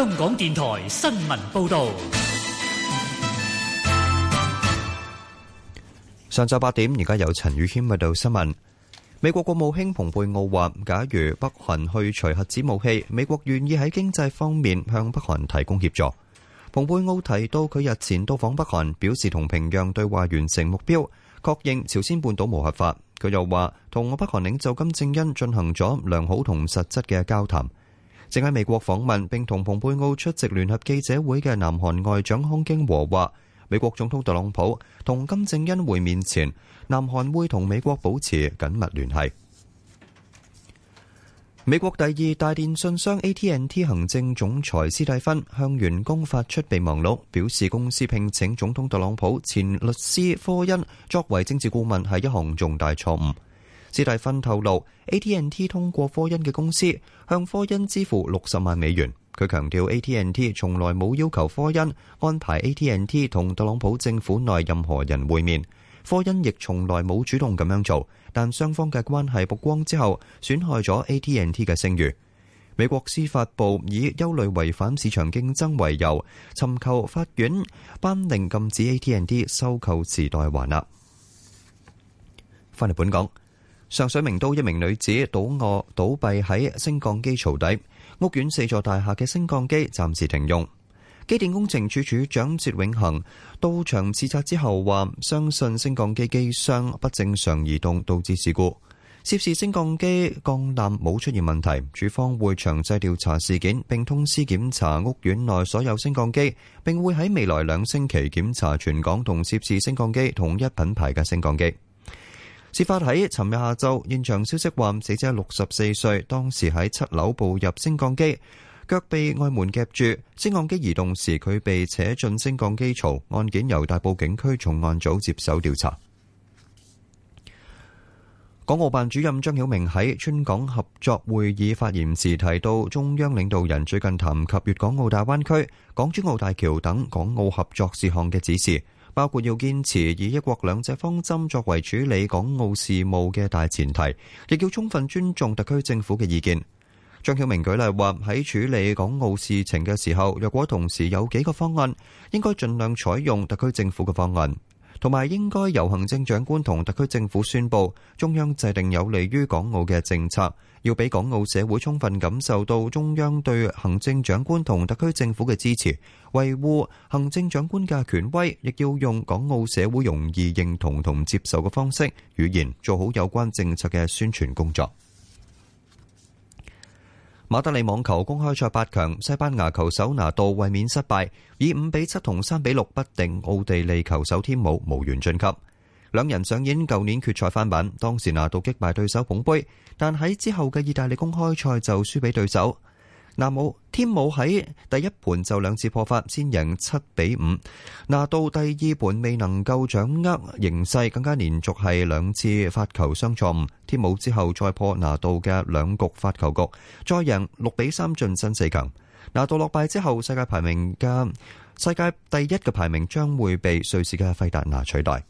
香港電台新聞報道：上晝八點，而家有陳宇謙報道新聞。美國國務卿蓬佩奧話，假如北韓去除核子武器，美國願意喺經濟方面向北韓提供協助。蓬佩奧提到，佢日前到訪北韓，表示同平壤對話完成目標，確認朝鮮半島無核化。佢又話，同我北韓領袖金正恩進行咗良好同實質嘅交談。正喺美國訪問並同蓬佩奧出席聯合記者會嘅南韓外長康京和話：美國總統特朗普同金正恩會面前，南韓會同美國保持緊密聯繫。美國第二大電信商 AT&T 行政總裁斯蒂芬向員工發出備忘錄，表示公司聘請總統特朗普前律師科恩作為政治顧問係一項重大錯誤。斯蒂芬透露，AT&T 通過科恩嘅公司向科恩支付六十萬美元。佢強調，AT&T 從來冇要求科恩安排 AT&T 同特朗普政府內任何人會面。科恩亦從來冇主動咁樣做，但雙方嘅關係曝光之後，損害咗 AT&T 嘅聲譽。美國司法部以憂慮違反市場競爭為由，尋求法院頒令禁止 AT&T 收購時代華納。翻嚟本港。上水名都一名女子倒臥倒斃喺升降機槽底，屋苑四座大廈嘅升降機暫時停用。機電工程署署長薛永恒到場視察之後話，相信升降機機箱不正常移動導致事故。涉事升降機降纜冇出現問題，署方會詳細調查事件，並通知檢查屋苑內所有升降機，並會喺未來兩星期檢查全港同涉事升降機同一品牌嘅升降機。事發喺尋日下晝，現場消息話，死者六十四歲，當時喺七樓步入升降機，腳被外門夾住，升降機移動時佢被扯進升降機槽。案件由大埔警區重案組接手調查。港澳辦主任張曉明喺川港合作會議發言時提到，中央領導人最近談及粵港澳大灣區、港珠澳大橋等港澳合作事項嘅指示。包括要堅持以一國兩制方針作為處理港澳事務嘅大前提，亦要充分尊重特區政府嘅意見。張曉明舉例話，喺處理港澳事情嘅時候，若果同時有幾個方案，應該盡量採用特區政府嘅方案，同埋應該由行政長官同特區政府宣布中央制定有利於港澳嘅政策。要俾港澳社會充分感受到中央對行政長官同特區政府嘅支持，維護行政長官嘅權威，亦要用港澳社會容易認同同接受嘅方式語言做好有關政策嘅宣傳工作。馬德里網球公開賽八強，西班牙球手拿度衛冕失敗，以五比七同三比六不敵奧地利球手添姆無緣晉級。兩人上演舊年決賽翻版，當時拿度擊敗對手捧杯，但喺之後嘅意大利公開賽就輸俾對手。拿姆添姆喺第一盤就兩次破發，先贏七比五。拿度第二盤未能夠掌握形勢，更加連續係兩次發球雙錯誤。添姆之後再破拿度嘅兩局發球局，再贏六比三，晉身四強。拿度落敗之後，世界排名嘅世界第一嘅排名將會被瑞士嘅費達拿取代。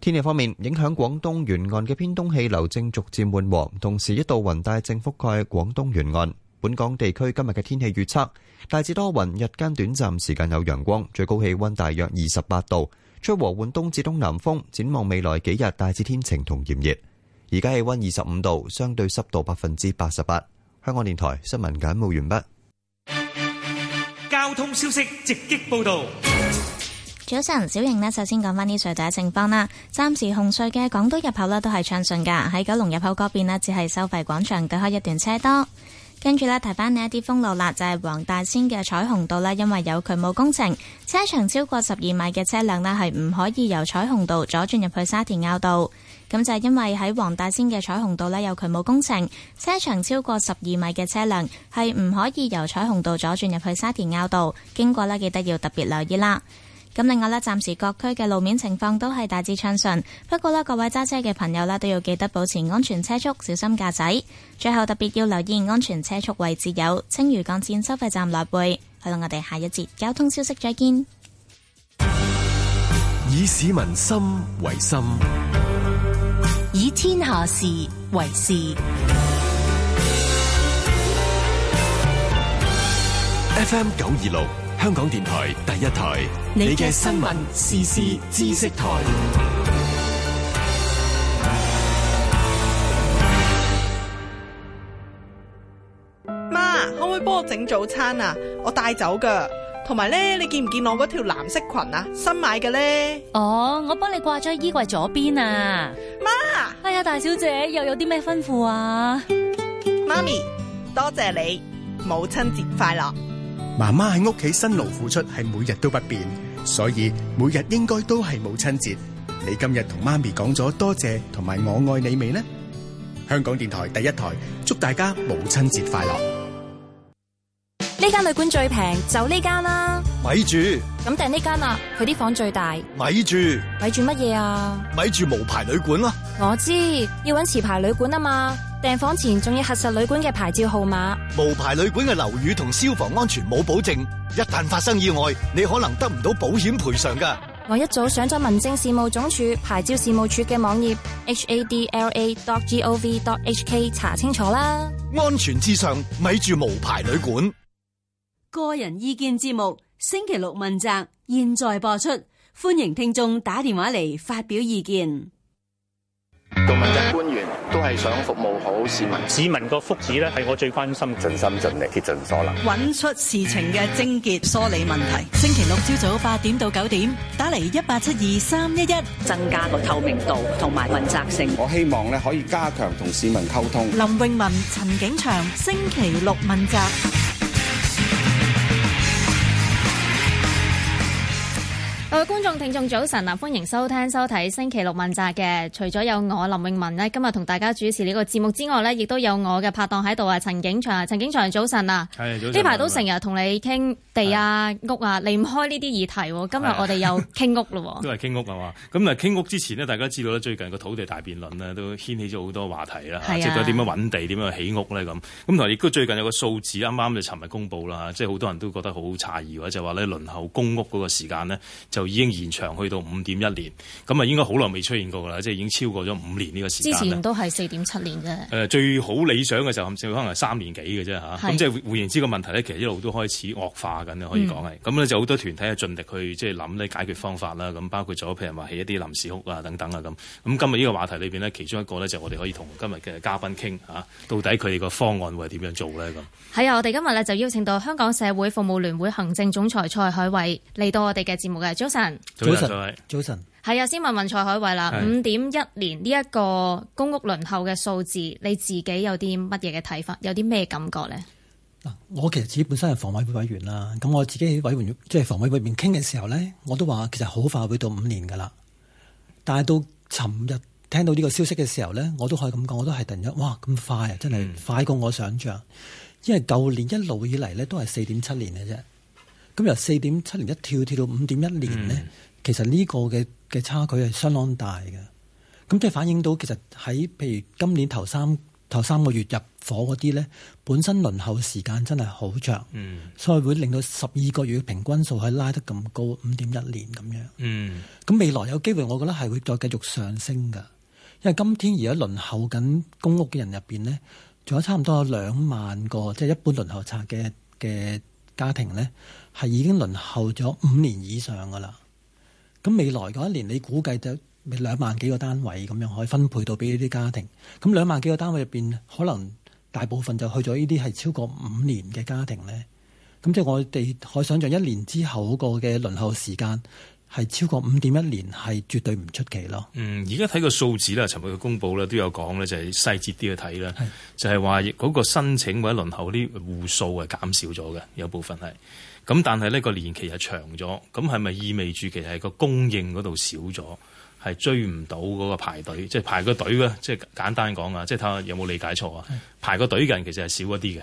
天氣方面，影響廣東沿岸嘅偏東氣流正逐漸緩和，同時一道雲帶正覆蓋廣東沿岸。本港地區今日嘅天氣預測大致多雲，日間短暫時間有陽光，最高氣温大約二十八度，吹和緩東至東南風。展望未來幾日，大致天晴同炎熱。而家氣温二十五度，相對濕度百分之八十八。香港電台新聞簡報完畢。交通消息直擊報道。早晨，小瑩呢，首先講返啲隧道嘅情況啦。暫時紅隧嘅港島入口呢都係暢順噶，喺九龍入口嗰邊呢，只係收費廣場隔開一段車多。跟住呢，提翻你一啲封路啦，就係黃大仙嘅彩虹道咧，因為有渠務工程，車長超過十二米嘅車輛呢係唔可以由彩虹道左轉入去沙田坳道。咁就係因為喺黃大仙嘅彩虹道呢，有渠務工程，車長超過十二米嘅車輛係唔可以由彩虹道左轉入去沙田坳道。經過呢，記得要特別留意啦。咁另外咧，暫時各區嘅路面情況都係大致暢順，不過咧，各位揸車嘅朋友咧都要記得保持安全車速，小心駕駛。最後特別要留意安全車速位置有青嶼幹線收費站來回。好啦，我哋下一節交通消息再見。以市民心為心，以天下事為事。F M 九二六。香港電台第一台，你嘅的 新聞時事知識台。媽，可唔可以幫我整早餐啊？我帶走噶。同埋咧，你見唔見我嗰條藍色裙啊？新買嘅咧。哦，我幫你掛咗喺衣櫃左邊啊。媽媽，哎呀，大小姐又有啲咩吩咐啊？媽咪，多謝你，母親節快樂。媽媽喺屋企辛勞付出係每日都不變，所以每日應該都係母親節。你今日同媽咪講咗多謝同埋我愛你未呢？香港電台第一台，祝大家母親節快樂。呢間旅館最平，就呢間啦。咪住，咁訂呢間啊？佢啲房最大。咪住，咪住乜嘢啊？咪住無牌旅館咯。我知，要揾持牌旅館啊嘛。訂房前仲要核實旅館嘅牌照號碼，無牌旅館嘅樓宇同消防安全冇保證，一旦發生意外，你可能得唔到保險賠償㗎。我一早上咗民政事務總署牌照事務處嘅網頁 hadla.gov.hk 查清楚啦。安全至上，咪住無牌旅館。個人意見節目，星期六問責，現在播出，歡迎聽眾打電話嚟發表意見。做問責官員都係想服務好市民，市民個福祉咧係我最關心，盡 心盡力，竭盡所能，揾出事情嘅症結，梳理問題。 星期六朝早八點到九點，打嚟一八七二三一一，增加個透明度同埋問責性。我希望咧可以加強同市民溝通。林穎文、陳景祥，星期六問責。各位觀眾、聽眾，早晨！嗱，歡迎收聽、收睇星期六問責嘅。除咗有我林永文呢，今日同大家主持呢個節目之外呢，亦都有我嘅拍檔喺度啊，陳景祥啊，陳景祥早晨啊，呢排都成日同你傾地啊、的屋啊，離唔開呢啲議題。今日我哋又傾屋啦，是的 都係傾屋係嘛。咁啊，傾屋之前呢，大家知道呢，最近個土地大辯論呢都掀起咗好多話題啦。的即係點樣揾地、點樣起屋呢？咁。咁同埋亦都最近有個數字啱啱就尋日公布啦，即係好多人都覺得好詫異嘅，就話呢輪候公屋嗰個時間呢。就已經延長去到五點一年，咁啊應該好耐未出現過㗎啦，即、就、係、是、已經超過咗五年呢個時間之前都係四點七年嘅。誒、呃，最好理想嘅時候，可能係三年幾嘅啫嚇。咁是、嗯嗯、即係換言之，個問題咧，其實一路都開始惡化緊，可以講係。咁、嗯、咧就好多團體係盡力去即係諗呢解決方法啦。咁包括咗譬如話起一啲臨時屋啊等等啊咁。咁、嗯、今日呢個話題裏邊呢，其中一個咧就我哋可以同今日嘅嘉賓傾嚇、啊，到底佢哋個方案會係點樣做咧咁。係啊，我哋今日咧就邀請到香港社會服務聯會行政總裁蔡海偉嚟到我哋嘅節目嘅。早晨，早晨，早晨，係啊！先問問蔡海偉啦，五點一年呢一個公屋輪候嘅數字，你自己有啲乜嘢嘅睇法，有啲咩感覺呢？嗱，我其實自己本身係房委會委員啦，咁我自己喺委員會即係、就是、房委會入面傾嘅時候呢，我都話其實好快會到五年噶啦。但係到尋日聽到呢個消息嘅時候呢，我都可以咁講，我都係突然間，哇，咁快啊！真係快過我想象，嗯、因為舊年一路以嚟呢，都係四點七年嘅啫。咁由四點七年一跳跳到五點一年呢，嗯、其實呢個嘅嘅差距係相當大嘅。咁即係反映到其實喺譬如今年頭三頭三個月入伙嗰啲呢，本身輪候時間真係好長，嗯、所以會令到十二個月嘅平均數係拉得咁高，五點一年咁樣。咁、嗯、未來有機會，我覺得係會再繼續上升㗎，因為今天而家輪候緊公屋嘅人入邊呢，仲有差唔多有兩萬個即係、就是、一般輪候冊嘅嘅家庭呢。係已經輪候咗五年以上噶啦，咁未來嗰一年你估計就兩萬幾個單位咁樣可以分配到俾呢啲家庭，咁兩萬幾個單位入邊可能大部分就去咗呢啲係超過五年嘅家庭呢。咁即係我哋可以想象一年之後嗰個嘅輪候時間。係超過五點一年，係絕對唔出奇咯。嗯，而家睇個數字咧，尋日嘅公佈咧都有講咧，就係、是、細節啲去睇啦。是就係話嗰個申請或者輪候啲戶數係減少咗嘅，有部分係。咁但係呢個年期係長咗，咁係咪意味住其實係個供應嗰度少咗，係追唔到嗰個排隊？即、就、係、是、排個隊咧，即、就、係、是、簡單講啊，即係睇下有冇理解錯啊。是排個隊嘅人其實係少一啲嘅。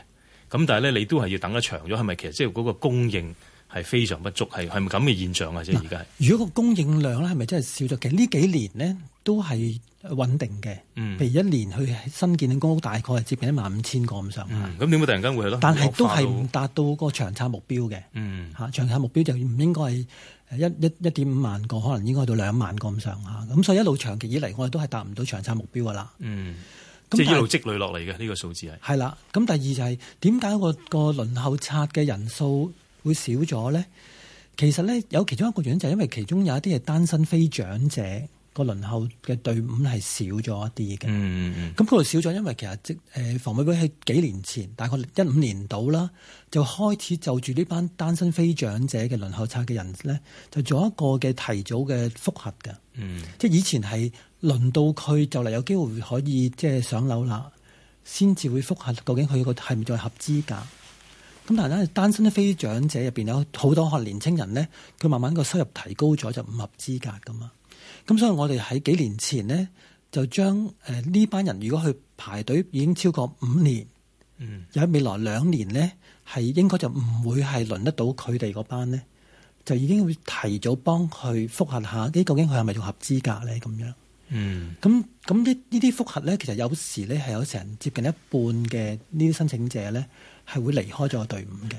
咁但係咧，你都係要等得長咗，係咪其實即係嗰個供應？係非常不足，係係咁嘅現象啊！即係而家。如果個供應量咧，係咪真係少咗？其實呢幾年呢都係穩定嘅。嗯，譬如一年去新建嘅公屋，大概係接近一萬五千個咁上下。嗯，咁點解突然間會係咯？但係都係唔達到嗰個長策目標嘅。嗯，嚇長策目標就唔應該係一一一點五萬個，可能應該去到兩萬個咁上下。咁所以一路長期以嚟，我哋都係達唔到長策目標噶啦。嗯，嗯是即係一路積累落嚟嘅呢個數字係。係啦，咁第二就係點解個個輪候冊嘅人數，會少咗咧，其實咧有其中一個原因就係因為其中有一啲係單身非長者個輪候嘅隊伍係少咗一啲嘅。嗯嗯嗯。咁度少咗，因為其實即誒、呃、房委會喺幾年前，大概一五年度啦，就開始就住呢班單身非長者嘅輪候冊嘅人咧，就做一個嘅提早嘅覆核嘅。嗯、mm。Hmm. 即係以前係輪到佢就嚟有機會可以即係上樓啦，先至會覆核究竟佢個係咪再合資格。咁但係咧，單身的非長者入邊有好多學年青人咧，佢慢慢個收入提高咗，就唔合資格噶嘛。咁所以我哋喺幾年前呢，就將誒呢班人，如果去排隊已經超過五年，嗯，又喺未來兩年呢，係應該就唔會係輪得到佢哋嗰班呢，就已經會提早幫佢複核下，啲究竟佢係咪要合資格咧？咁樣，嗯，咁咁啲呢啲複核咧，其實有時咧係有成接近一半嘅呢啲申請者咧。係會離開咗個隊伍嘅，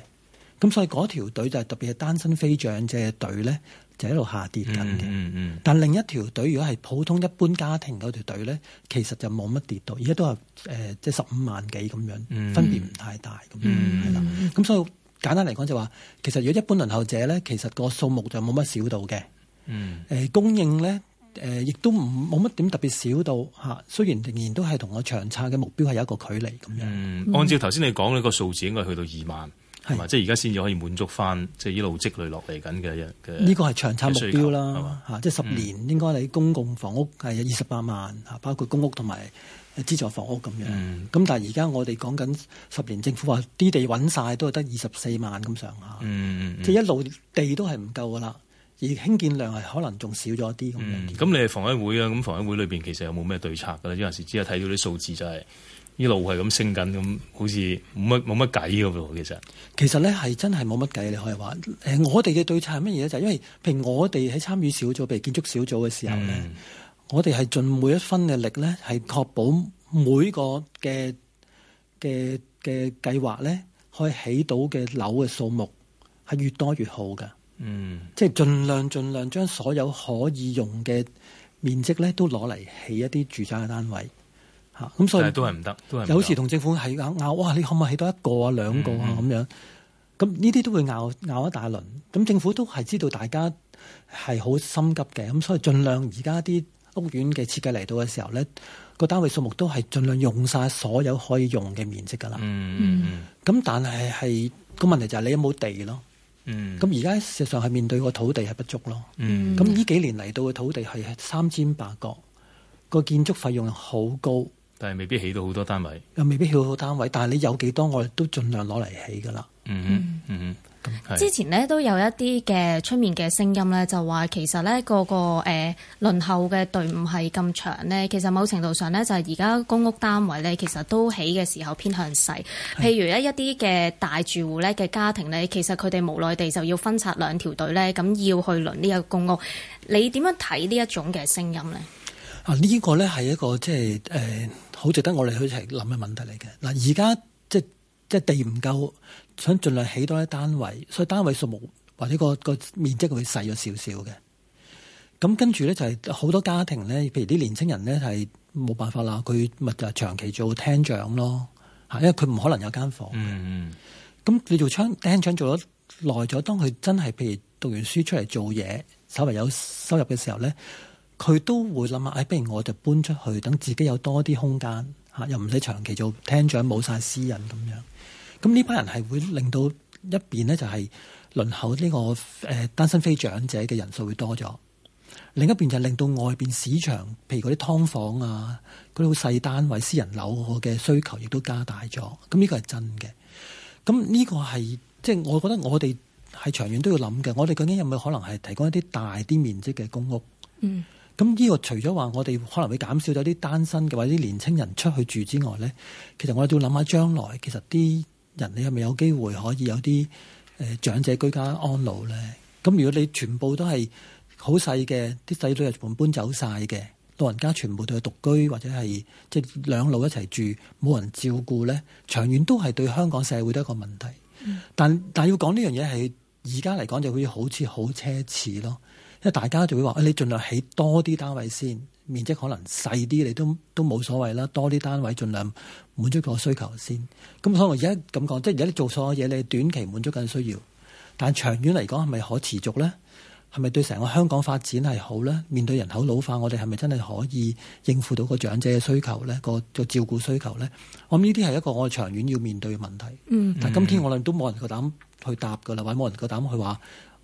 咁所以嗰條隊就係特別係單身非長者隊咧，就喺度下跌緊嘅、嗯。嗯嗯。但另一條隊如果係普通一般家庭嗰條隊咧，其實就冇乜跌到，而家都係誒、呃、即係十五萬幾咁樣，嗯、分別唔太大咁樣係啦。咁、嗯嗯、所以簡單嚟講就話、是，其實如果一般輪候者咧，其實個數目就冇乜少到嘅。嗯。誒、呃，供應咧。誒，亦都唔冇乜點特別少到嚇，雖然仍然都係同我長策嘅目標係有一個距離咁樣。嗯、按照頭先你講咧、嗰個數字應該去到二萬，係嘛？是，即係而家先至可以滿足翻，即係一路積累落嚟緊嘅嘅。呢個係長策目標啦，嚇吧！即係十年應該你公共房屋係二十八萬，嗯、包括公屋同埋資助房屋咁樣。嗯。咁但係而家我哋講緊十年，政府話啲地揾晒都係得二十四萬咁上下。即係一路地都係唔夠噶啦。而興建量係可能仲少咗啲咁。咁你係房委會啊？咁房委會裏邊其實有冇咩對策嘅咧？有陣時只係睇到啲數字就係一路係咁升緊，咁好似冇乜冇乜計嘅噃。其實其實咧係真係冇乜計。你可以話誒、呃，我哋嘅對策係乜嘢咧？就係、係、因為譬如我哋喺參與小組、譬如建築小組嘅時候咧，嗯、我哋係盡每一分嘅力咧，係確保每個嘅嘅嘅計劃咧，可以起到嘅樓嘅數目係越多越好嘅。嗯，即係盡量盡量將所有可以用嘅面積咧，都攞嚟起一啲住宅嘅單位，吓、啊、咁所以都係唔得，都有時同政府係拗拗，哇！你可唔可以起到一個啊、兩個啊咁、嗯嗯、樣？咁呢啲都會拗拗一大輪。咁政府都係知道大家係好心急嘅，咁所以盡量而家啲屋苑嘅設計嚟到嘅時候咧，個單位數目都係盡量用晒所有可以用嘅面積噶啦。嗯嗯嗯。咁、嗯、但係係個問題就係你有冇地咯？嗯，咁而家事實上係面對個土地係不足咯。嗯，咁呢幾年嚟到嘅土地係三尖八角，個建築費用好高，但係未必起到好多單位。又未必起到好多單位，但係你有幾多我哋都盡量攞嚟起㗎啦。嗯嗯嗯，之前呢，都有一啲嘅出面嘅聲音咧，就話其實咧個個誒輪候嘅隊伍係咁長咧。其實某程度上咧，就係而家公屋單位咧，其實都起嘅時候偏向細。譬如咧一啲嘅大住戶咧嘅家庭咧，其實佢哋無奈地就要分拆兩條隊咧，咁要去輪呢個公屋。你點樣睇呢一種嘅聲音咧？啊，呢個咧係一個即係誒好值得我哋去一齊諗嘅問題嚟嘅嗱。而家即係即係地唔夠。想盡量起多一單位，所以單位數目或者個個面積會細咗少少嘅。咁跟住咧就係、是、好多家庭咧，譬如啲年青人咧係冇辦法啦，佢咪就長期做廳長咯嚇，因為佢唔可能有間房。嗯咁、嗯、你做廳廳長做咗耐咗，當佢真係譬如讀完書出嚟做嘢，稍微有收入嘅時候咧，佢都會諗下，唉、哎，不如我就搬出去，等自己有多啲空間嚇，又唔使長期做廳長，冇晒私隱咁樣。咁呢班人係會令到一邊呢就係輪候呢個誒單身非長者嘅人數會多咗；另一邊就係令到外邊市場，譬如嗰啲劏房啊、嗰啲好細單位、私人樓嘅需求亦都加大咗。咁呢個係真嘅。咁呢個係即係我覺得我哋係長遠都要諗嘅。我哋究竟有冇可能係提供一啲大啲面積嘅公屋？嗯。咁呢個除咗話我哋可能會減少咗啲單身嘅或者啲年青人出去住之外呢，其實我哋都要諗下將來其實啲。人你係咪有機會可以有啲誒、呃、長者居家安老呢？咁、嗯、如果你全部都係好細嘅，啲細女，又本搬走晒嘅，老人家全部都係獨居或者係即兩老一齊住冇人照顧呢，長遠都係對香港社會都一個問題。嗯、但但要講呢樣嘢係而家嚟講就好似好奢侈咯。即大家就會話，哎，你盡量起多啲單位先，面積可能細啲，你都都冇所謂啦。多啲單位，盡量滿足個需求先。咁、嗯、所以我而家咁講，即係而家你做所有嘢，你短期滿足緊需要，但係長遠嚟講係咪可持續呢？係咪對成個香港發展係好呢？面對人口老化，我哋係咪真係可以應付到個長者嘅需求呢？個、嗰個照顧需求呢？我諗呢啲係一個我哋長遠要面對嘅問題。但今天我諗都冇人夠膽去答㗎啦，或者冇人夠膽去話。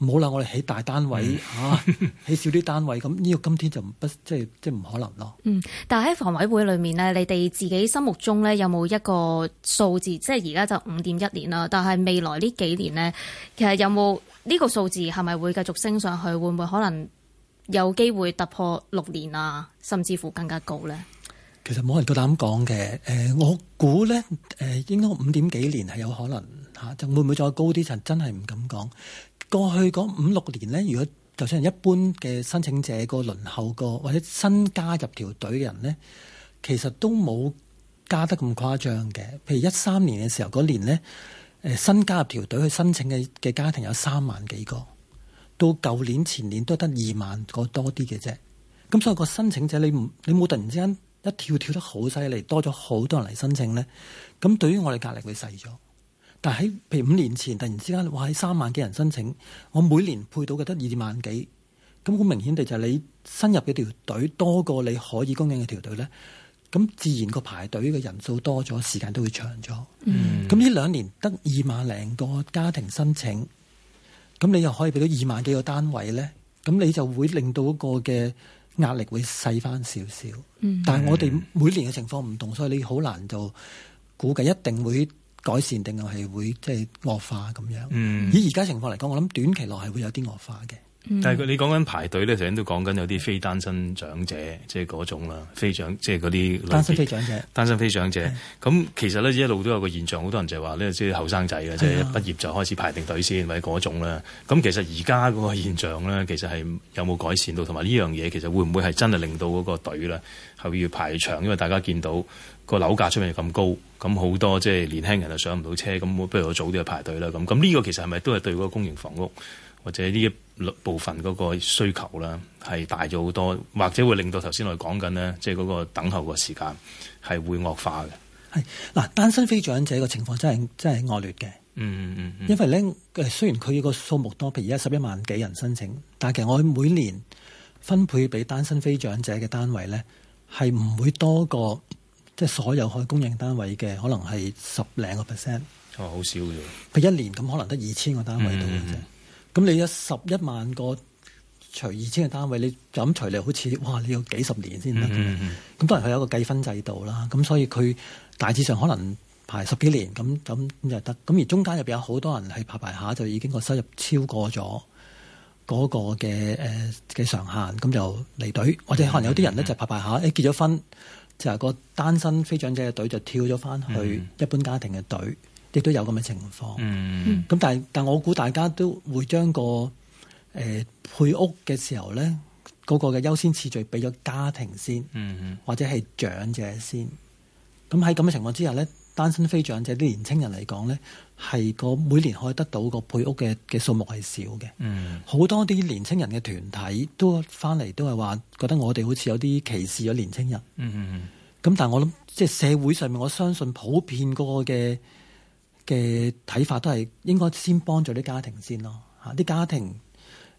冇啦，我哋起大單位嚇、嗯啊，起少啲單位咁呢個今天就唔即係即係唔可能咯。嗯，但係喺房委會裏面呢，你哋自己心目中呢，有冇一個數字？即係而家就五點一年啦。但係未來呢幾年呢，其實有冇呢、這個數字係咪會繼續升上去？會唔會可能有機會突破六年啊？甚至乎更加高呢？其實冇人夠膽講嘅。誒、呃，我估呢，誒、呃，應該五點幾年係有可能嚇、啊，就會唔會再高啲？就真係唔敢講。過去嗰五六年呢，如果就算一般嘅申請者個輪候個或者新加入條隊嘅人呢，其實都冇加得咁誇張嘅。譬如一三年嘅時候嗰年呢，誒、新加入條隊去申請嘅嘅家庭有三萬幾個，到舊年前年都得二萬個多啲嘅啫。咁所以個申請者你唔你冇突然之間一跳跳得好犀利，多咗好多人嚟申請呢。咁對於我哋壓力會細咗。但喺譬如五年前突然之間話係三萬幾人申請，我每年配到嘅得二萬幾，咁好明顯地就係你新入嘅條隊多過你可以供應嘅條隊呢。咁自然個排隊嘅人數多咗，時間都會長咗。咁呢、嗯、兩年得二萬零個家庭申請，咁你又可以俾到二萬幾個單位呢。咁你就會令到個嘅壓力會細返少少。嗯、但係我哋每年嘅情況唔同，所以你好難就估計一定會。改善，定係會即係惡化咁樣？嗯、以而家情況嚟講，我諗短期內係會有啲惡化嘅。嗯、但係你講緊排隊咧，成日都講緊有啲非單身長者，即係嗰種啦，非長即係嗰啲單身非長者。單身非長者咁，其實咧一路都有個現象，好多人就係話咧，即係後生仔啦，即係畢業就開始排定隊先，或者嗰種啦。咁其實而家嗰個現象咧，其實係有冇改善到？同埋呢樣嘢，其實會唔會係真係令到嗰個隊咧，係會要排長？因為大家見到。個樓價出面咁高，咁好多即係年輕人就上唔到車，咁我不如我早啲去排隊啦。咁咁呢個其實係咪都係對嗰個公營房屋或者呢一部分嗰個需求啦，係大咗好多，或者會令到頭先我哋講緊呢，即係嗰個等候個時間係會惡化嘅。係嗱，單身非長者嘅情況真係真係惡劣嘅。嗯，嗯嗯嗯，因為咧，雖然佢個數目多，譬如而家十一萬幾人申請，但其實我每年分配俾單身非長者嘅單位咧係唔會多過。即係所有可以供應單位嘅，哦，可能係十零個 percent。哦，好少嘅，佢一年咁可能得二千個單位到嘅啫。咁，嗯，你有十一萬個除二千個單位，你咁除嚟好似哇，你要幾十年先得嘅。咁，嗯嗯嗯，當然佢有一個計分制度啦。咁所以佢大致上可能排十幾年咁咁咁就得。咁而中間入邊有好多人係排排，排下就已經個收入超過咗嗰個嘅誒嘅上限，咁就離隊。嗯嗯嗯，或者可能有啲人咧就排排，排下，誒，嗯嗯，結咗婚。就係個單身非長者嘅隊就跳咗翻去一般家庭嘅隊，嗯、亦都有咁嘅情況。咁、嗯、但係，但我估大家都會將個誒、呃、配屋嘅時候呢，嗰個嘅優先次序俾咗家庭先，嗯嗯、或者係長者先。咁喺咁嘅情況之下呢，單身非長者啲年青人嚟講呢。係個每年可以得到個配屋嘅嘅數目係少嘅，好、mm hmm. 多啲年青人嘅團體都翻嚟都係話覺得我哋好似有啲歧視咗年青人。咁、mm hmm. 但係我諗即係社會上面，我相信普遍個嘅嘅睇法都係應該先幫助啲家庭先咯嚇啲家庭誒、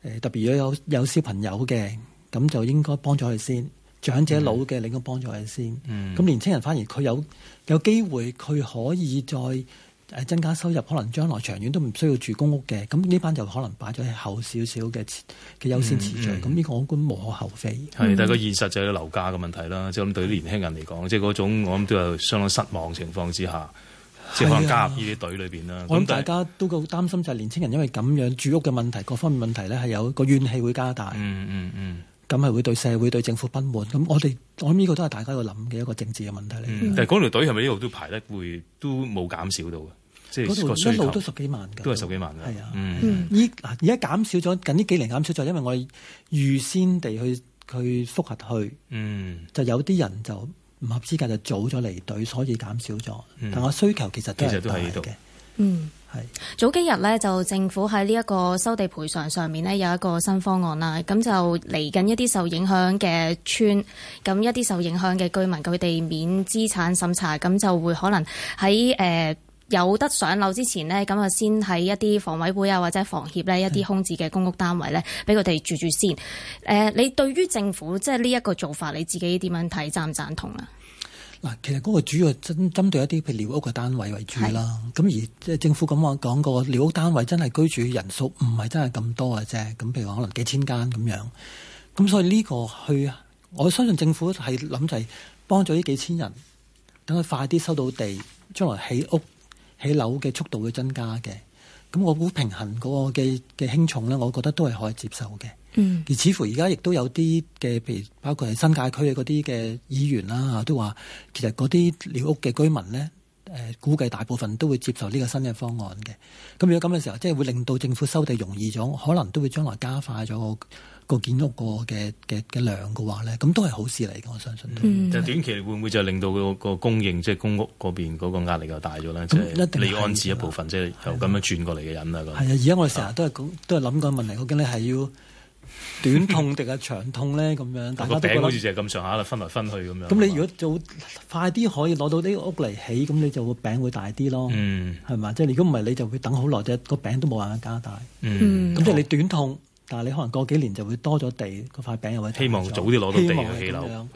呃、特別如果有有小朋友嘅咁就應該幫助佢先，長者老嘅、mm hmm. 你應該幫助佢先。咁、mm hmm. 年青人反而佢有有，有機會佢可以再。誒增加收入，可能將來長遠都唔需要住公屋嘅，咁呢班就可能擺咗喺後少少嘅嘅優先次序，咁呢、嗯嗯、個我覺得無可厚非。係是，嗯、但係個現實就係樓價嘅問題啦，即係、嗯、對年輕人嚟講，即係嗰種我諗都係相當失望情況之下，即係、啊、可能加入呢啲隊裏邊啦。我諗咁大家都個擔心就係年輕人因為咁樣住屋嘅問題，各方面問題呢係有個怨氣會加大。嗯嗯嗯。嗯嗯嗯。咁係會對社會，會對政府不滿，咁我哋我諗呢個都係大家要諗嘅一個政治嘅問題嚟、嗯。但係嗰條隊係咪呢度都排得會都冇減少到嘅？即係那條 一路都十幾萬嘅，都係十幾萬嘅。係啊，依而家減少咗，近呢幾年減少咗，因為我預先地去去複核去，嗯，就有啲人就唔合資格就早咗離隊，所以減少咗。嗯、但係我需求其實其實都係嘅。嗯，係是早幾日呢，就政府喺呢一個收地賠償上面呢，有一個新方案啦。咁就嚟緊一啲受影響嘅村，咁一啲受影響嘅居民，佢哋免資產審查，咁就會可能喺誒、呃、有得上樓之前呢，咁啊先喺一啲房委會啊或者房協呢，一啲空置嘅公屋單位呢，俾佢哋住住先。誒是、呃，你對於政府即係呢一個做法，你自己點樣睇？贊唔贊同啊？嗱，其實嗰個主要針針對一啲譬如寮屋嘅單位為主啦，咁是而即係政府咁話講過，寮屋單位真係居住人數唔係真係咁多嘅啫，咁譬如話可能幾千間咁樣，咁所以呢個去，我相信政府係諗就係幫咗呢幾千人，等佢快啲收到地，將來起屋起樓嘅速度會增加嘅，咁我估平衡嗰個嘅嘅輕重呢，我覺得都係可以接受嘅。嗯、而似乎而家亦都有啲嘅，譬如包括係新界區嘅嗰啲嘅議員啦、啊、都話其實嗰啲寮屋嘅居民呢，誒、呃、估計大部分都會接受呢個新嘅方案嘅。咁如果咁嘅時候，即係會令到政府收地容易咗，可能都會將來加快咗個，個，個建屋個嘅嘅嘅量嘅話呢，咁都係好事嚟嘅。我相信。嗯、就短期會唔會就令到個供應即係公屋嗰邊嗰個壓力又大咗呢？即係、嗯、你安置一部分，即係、嗯、由咁樣轉過嚟嘅人啊咁。係啊、嗯！而家我哋成日都係講，都係諗個問題，究竟你係要。 短痛定係長痛咧，咁樣但 大家都 個餅好似就係咁上下啦，分嚟分去咁樣。咁你如果早 快啲可以攞到呢啲屋嚟起，咁你就個餅會大啲咯，係嘛、嗯？即係如果唔係，你就會等好耐啫，那個餅都冇辦法加大。咁、嗯、即係你短痛，但係你可能過幾年就會多咗地，嗰塊餅又會希望早啲攞到地起樓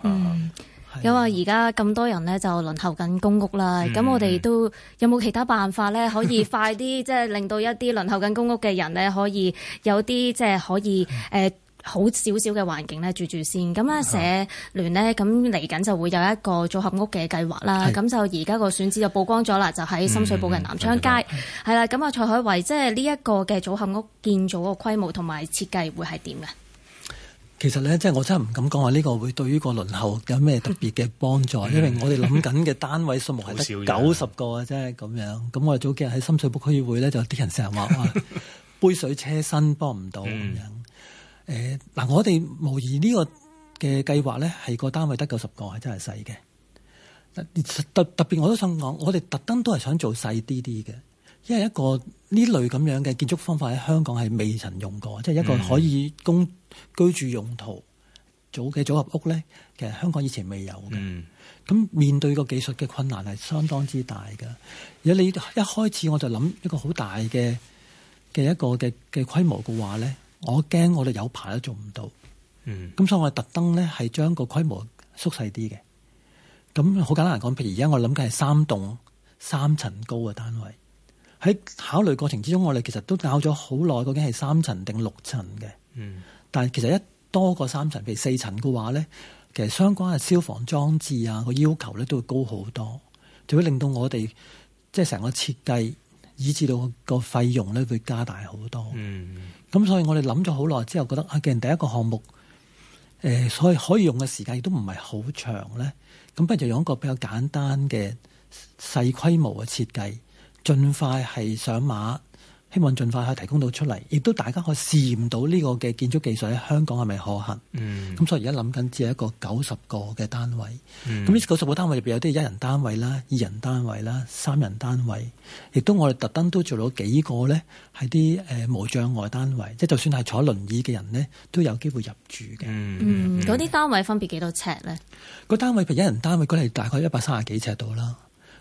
咁啊，而家咁多人咧就輪候緊公屋啦。咁、嗯、我哋都有冇其他辦法咧，可以快啲即係令到一啲輪候緊公屋嘅人咧，可以有啲即係可以誒、嗯呃、好少少嘅環境咧住住先。咁啊、嗯，社聯咧咁嚟緊就會有一個組合屋嘅計劃啦。咁是就而家個選址就曝光咗啦，就喺深水埗嘅南昌街。係啦、嗯，咁啊蔡海偉，即係呢一個嘅組合屋建造個規模同埋設計會係點嘅？其實呢，即係我真係唔敢講，話呢個會對於個輪候有咩特別嘅幫助， 因為我哋諗緊嘅單位數目係得九十個嘅啫咁樣。咁我哋早幾日喺深水埗區議會呢，就有啲人成日話杯水車薪，幫唔到咁樣。誒，嗱，我哋無疑呢個嘅計劃呢，係個單位得九十個係真係細嘅。特特特別我都想講，我哋特登都係想做細啲啲嘅，因為一個。呢類咁樣嘅建築方法喺香港係未曾用過，嗯、即係一個可以供居住用途組嘅組合屋咧，其實香港以前未有嘅。咁、嗯、面對個技術嘅困難係相當之大㗎。如果你一開始我就諗一個好大嘅嘅一個嘅嘅規模嘅話咧，我驚我哋有排都做唔到。嗯，咁所以我特登咧係將個規模縮細啲嘅。咁好簡單嚟講，譬如而家我諗緊係三棟三層高嘅單位。喺考慮過程之中，我哋其實都搞咗好耐，究竟係三層定六層嘅。嗯，但係其實一多過三層，譬如四層嘅話咧，其實相關嘅消防裝置啊，個要求咧都會高好多，就會令到我哋即係成個設計，以至到個費用咧會加大好多。嗯，咁所以我哋諗咗好耐之後，覺得啊，既然第一個項目，誒、呃，所以可以用嘅時間亦都唔係好長咧，咁不如就用一個比較簡單嘅細規模嘅設計。盡快係上馬，希望盡快可提供到出嚟，亦都大家可以試驗到呢個嘅建築技術喺香港係咪可行？嗯，咁所以而家諗緊只係一個九十個嘅單位。咁呢九十個單位入邊有啲一人單位啦、二人單位啦、三人單位，亦都我哋特登都做到幾個呢係啲誒無障礙單位，即係就算係坐輪椅嘅人呢都有機會入住嘅。嗯，嗰啲單位分別幾多尺呢？個單位譬如一人單位嗰係、嗰個、大概一百三十幾尺度啦。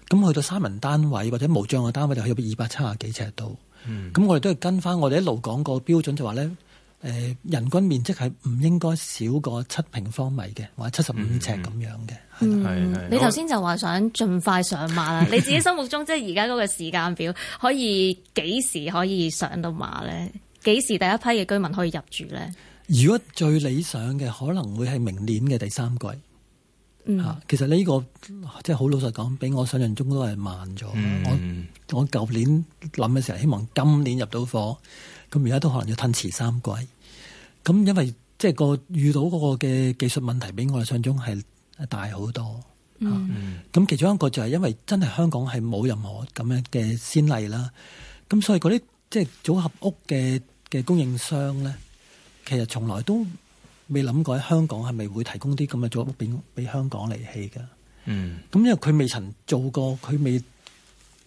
咁去到三民單位或者無障礙單位就去到二百七廿幾尺度，咁、嗯、我哋都係跟翻我哋一路講個標準就話呢誒人均面積係唔應該少過七平方米嘅，或者七十五尺咁樣嘅。嗯、你頭先就話想盡快上馬啦，我你自己心目中即係而家嗰個時間表可以幾時可以上到馬呢？幾時第一批嘅居民可以入住呢？嗯、如果最理想嘅可能會係明年嘅第三季。嚇！嗯、其實呢、呢個即係好老實講，比我想象中都係慢咗、嗯。我我舊年諗嘅時候，希望今年入到貨，咁而家都可能要吞遲三季。咁因為即係個遇到嗰個嘅技術問題，比我哋想象中係大好多。咁其中一個就係因為真係香港係冇任何咁樣嘅先例啦。咁所以嗰啲即係組合屋嘅嘅供應商咧，其實從來都未諗過喺香港係咪會提供啲咁嘅作品俾香港嚟起㗎？嗯，咁因為佢未曾做過，佢未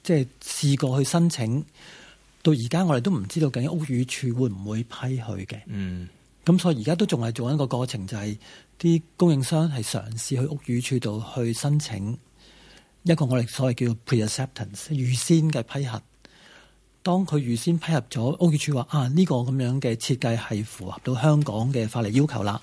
即係試過去申請。到而家我哋都唔知道，究竟屋宇處會唔會批佢嘅？嗯，咁所以而家都仲係做緊一個過程，就係、是、啲供應商係嘗試去屋宇處度去申請一個我哋所謂叫做 pre acceptance 預先嘅批核。當佢預先批入咗屋宇署話啊，呢、呢個咁樣嘅設計係符合到香港嘅法律要求啦，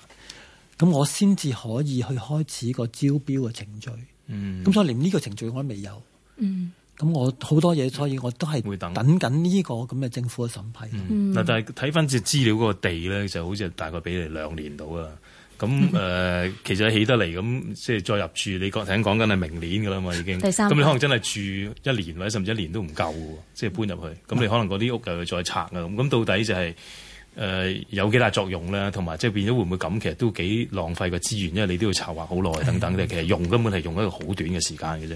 咁我先至可以去開始個招標嘅程序。嗯，咁所以連呢個程序我都未有。嗯，咁我好多嘢，所以我都係會等緊呢個咁嘅政府嘅審批。嗯嗯、但係睇翻隻資料嗰個地咧，就好似大概俾你兩年到啊。咁誒，嗯、其實起得嚟咁，即係再入住，你講聽講緊係明年㗎喇嘛，已經。咁三你可能真係住一年或者甚至一年都唔夠，即係搬入去。咁你可能嗰啲屋又要再拆啊咁。咁到底就係、是、誒、呃、有幾大作用咧？同埋即係變咗會唔會咁？其實都幾浪費個資源，因為你都要籌劃好耐等等的其實用根本係用一個好短嘅時間嘅啫。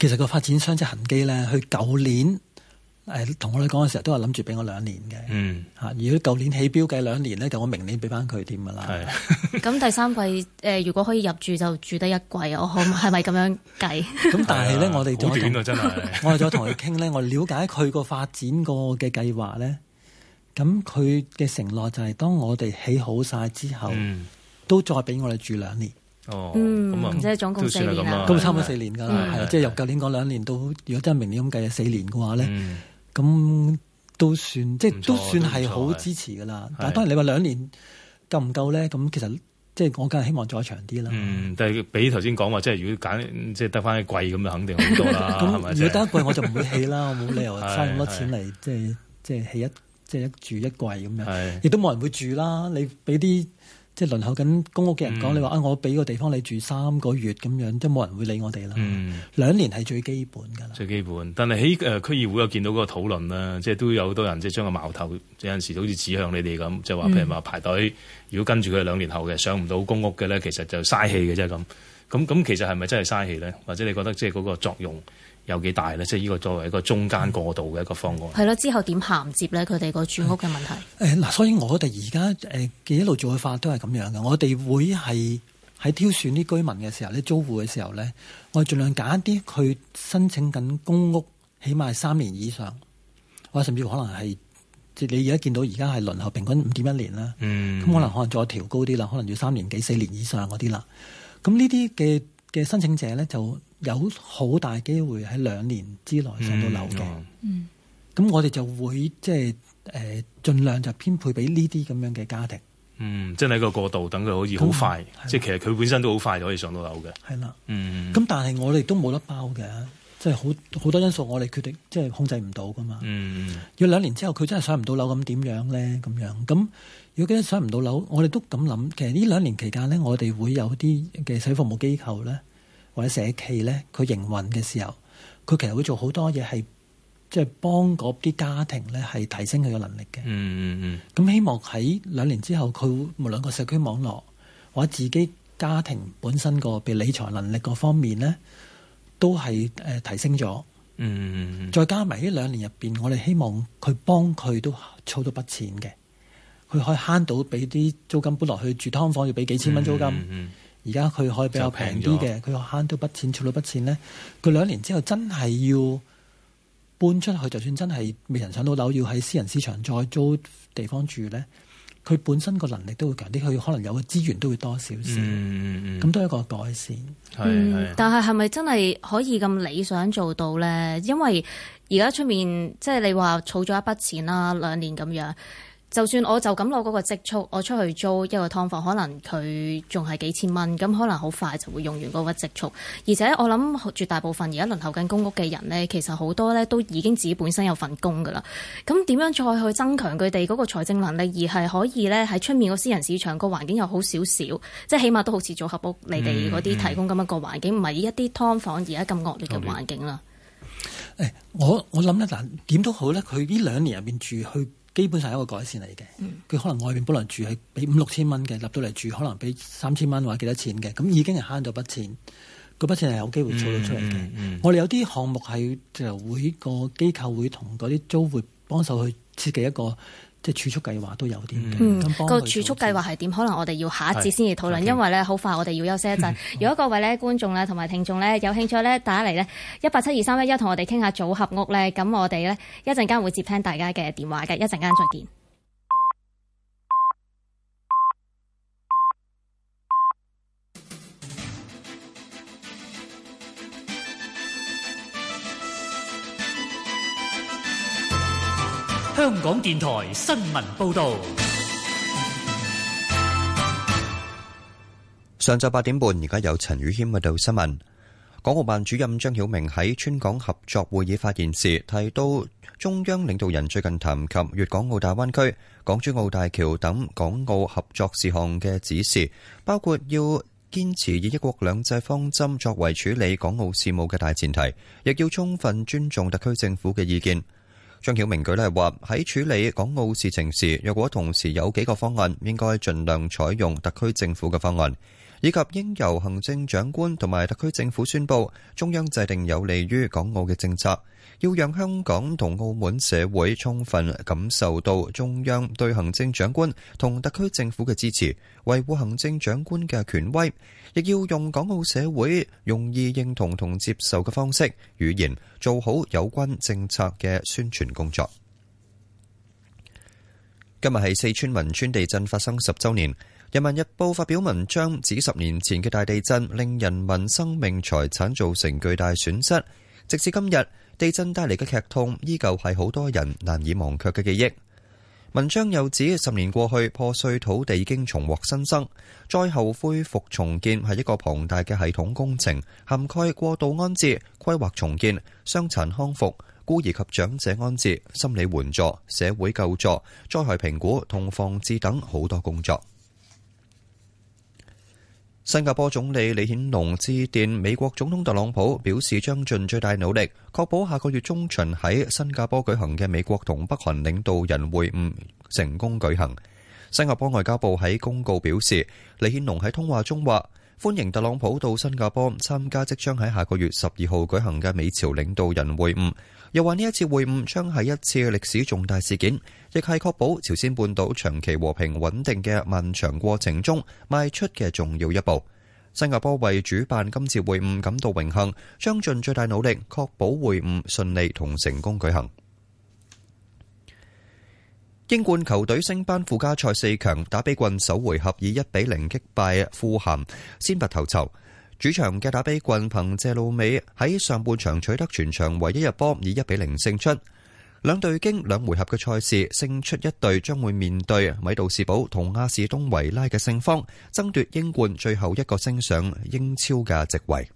其實個發展商即係、就是、恆基咧，佢舊年，誒同我哋講嘅時候，都係諗住俾我兩年嘅。嗯，嚇！如果舊年起標計兩年呢，就我明年俾翻佢掂㗎啦。咁第三季誒，如果可以入住就住得一季，我可係咪咁樣計？咁但係呢，我哋再同我哋再同佢傾呢，我了解佢個發展過嘅計劃呢。咁佢嘅承諾就係當我哋起好晒之後，都再俾我哋住兩年。哦，即係總共四年啦，都差唔多四年㗎啦。即係由舊年講兩年到，如果真係明年咁計係四年嘅話呢。咁都算，即係錯都算係好支持噶啦，但係當然你話兩年夠唔夠咧？咁是其實即係我梗係希望再長啲啦。嗯，但係比頭先講話，即係如果揀即係得翻一季咁，就肯定好多啦。係 那吧咁如果得一季我就唔會起啦， 我冇理由嘥咁多錢嚟是，即係即係起一即係一住一季咁樣，是亦都冇人會住啦。你俾啲，即係輪候緊公屋嘅人講，你話、嗯、啊，我俾個地方你住三個月咁樣，都冇人會理我哋啦。嗯、兩年係最基本㗎啦。最基本，但係喺誒區議會有見到嗰個討論啦，即係都有好多人即係將個矛頭有陣時好似指向你哋咁，即係話譬如話排隊，嗯、如果跟住佢兩年後嘅上唔到公屋嘅咧，其實就嘥氣嘅啫咁。咁咁其實係咪真係嘥氣咧？或者你覺得即係嗰個作用，有幾大咧？即係呢個作為一個中間過渡嘅一個方案。係咯，之後點銜接咧？佢哋個住屋嘅問題。誒嗱、呃，所以我哋而家誒嘅一路做嘅法都係咁樣嘅。我哋會係喺挑選啲居民嘅時候咧，租戶嘅時候咧，我哋盡量揀一啲佢申請緊公屋，起碼三年以上，或者甚至可能係即係你而家見到而家係輪候平均五點一年啦。嗯。咁可能可能再調高啲啦，可能要三年幾四年以上嗰啲啦。咁呢啲嘅嘅申請者咧就。有好大機會喺兩年之內上到樓嘅，咁，嗯，我哋就會即係誒盡量就編配俾呢啲咁樣嘅家庭。嗯，即係喺個過渡，等佢可以好快，即係其實佢本身都好快就可以上到樓嘅。係啦，嗯，咁但係我哋都冇得包嘅，即係好好多因素我哋決定即係控制唔到噶嘛。嗯，要兩年之後佢真係上唔到樓咁點樣咧？咁樣咁，如果佢真上唔到樓，我哋都咁諗。其實呢兩年期間呢，我哋會有啲嘅洗服務機構咧，或者社企咧，佢營運嘅時候，佢其實會做好多嘢，係即係幫嗰啲家庭咧，係提升佢嘅能力嘅。嗯嗯、mm hmm. 嗯。咁希望喺兩年之後，佢無論個社區網絡或者自己家庭本身個嘅理財能力嗰方面咧，都係誒提升咗。嗯、mm hmm. 再加埋呢兩年入邊，我哋希望佢幫佢都儲到筆錢嘅，佢可以慳到俾啲租金搬落去住劏房，要俾幾千蚊租金。Mm hmm. 而家佢可以比較平啲嘅，佢可以慳到筆錢儲到筆錢呢。佢兩年之後真係要搬出去，就算真係未人上到樓，要喺私人市場再租地方住呢。佢本身個能力都會強啲，佢可能有嘅資源都會多少少，咁、嗯嗯嗯、都係一個改善。嗯、但係係咪真係可以咁理想做到呢？因為而家出面即係、就是、你話儲咗一筆錢啦，兩年咁樣。就算我就咁攞嗰個積蓄，我出去租一個劏房，可能佢仲係幾千蚊，咁可能好快就會用完嗰筆積蓄。而且我諗絕大部分而家輪候緊公屋嘅人呢，其實好多呢都已經自己本身有份工噶啦。咁點樣再去增強佢哋嗰個財政能力，而係可以呢喺出面個私人市場個環境又好少少，即係起碼都好似組合屋，你哋嗰啲提供咁一個環境，唔係、嗯嗯、一啲劏房而家咁惡劣嘅環境啦 Okay。誒，我我諗咧，嗱，點都好呢，佢呢兩年入邊住去。基本上係一個改善嚟嘅，佢、嗯、可能外邊本來住係俾五六千蚊嘅，入到嚟住可能俾三千蚊或者幾多錢嘅，咁已經係慳咗筆錢，嗰筆錢係有機會儲到出嚟嘅。嗯嗯、我哋有啲項目係就會、這個機構會同嗰啲租戶幫手去設計一個。即係儲蓄計劃都有啲，個、嗯、儲蓄計劃係點？可能我哋要下一節先至討論，對因為咧好快我哋要休息一陣。嗯、如果各位咧觀眾咧同埋聽眾咧有興趣咧打嚟咧一八七二三一一同我哋傾下組合屋咧，咁我哋咧一陣間會接聽大家嘅電話嘅，一陣間再見。香港電台新聞報道，上晝八點半，而家有陳宇謙報道新聞。港澳辦主任張曉明喺川港合作會議發言時，提到中央領導人最近談及粵港澳大灣區、港珠澳大橋等港澳合作事項嘅指示，包括要堅持以一國兩制方針作為處理港澳事務嘅大前提，亦要充分尊重特區政府嘅意見。張曉明舉例話，喺處理港澳事情時，若果同時有幾個方案，應該盡量採用特區政府嘅方案，以及應由行政長官同埋特區政府宣布中央制定有利於港澳嘅政策。要讓香港同澳門社會充分感受到中央對行政長官同特區政府嘅支持，維護行政長官嘅權威，亦要用港澳社會容易認同同接受嘅方式，語言，做好有關政策嘅宣傳工作。今日係四川汶川地震發生十周年，人民日報發表文章指十年前的大地震令人民生命財產造成巨大損失，直至今日，地震帶嚟嘅劇痛，依舊係好多人難以忘卻嘅記憶。文章又指，十年過去，破碎土地已經重獲新生，災後恢復重建係一個龐大嘅系統工程，涵蓋過渡安置、規劃重建、傷殘康復，孤兒及長者安置、心理援助、社會救助、災害評估同防治等好多工作。新加坡總理李顯龍致電美國總統特朗普，表示將盡最大努力確保下個月中旬喺新加坡舉行嘅美國同北韓領導人會晤成功舉行。新加坡外交部喺公告表示，李顯龍喺通話中話歡迎特朗普到新加坡參加即將喺下個月十二號舉行嘅美朝領導人會晤。又話呢一次會晤將係一次歷史重大事件，亦係確保朝鮮半島長期和平穩定嘅漫長過程中邁出嘅重要一步。新加坡為主辦今次會晤感到榮幸，將盡最大努力確保會晤順利同成功舉行。英冠球隊升班附加賽四強打比郡首回合以一比零擊敗富咸，先拔頭籌。主場嘅打比郡憑謝路美喺上半場取得全場唯一入波，以一比零勝出。兩隊經兩回合嘅賽事勝出一隊，將會面對米杜士堡同亞士東維拉嘅勝方，爭奪英冠最後一個升上英超嘅席位。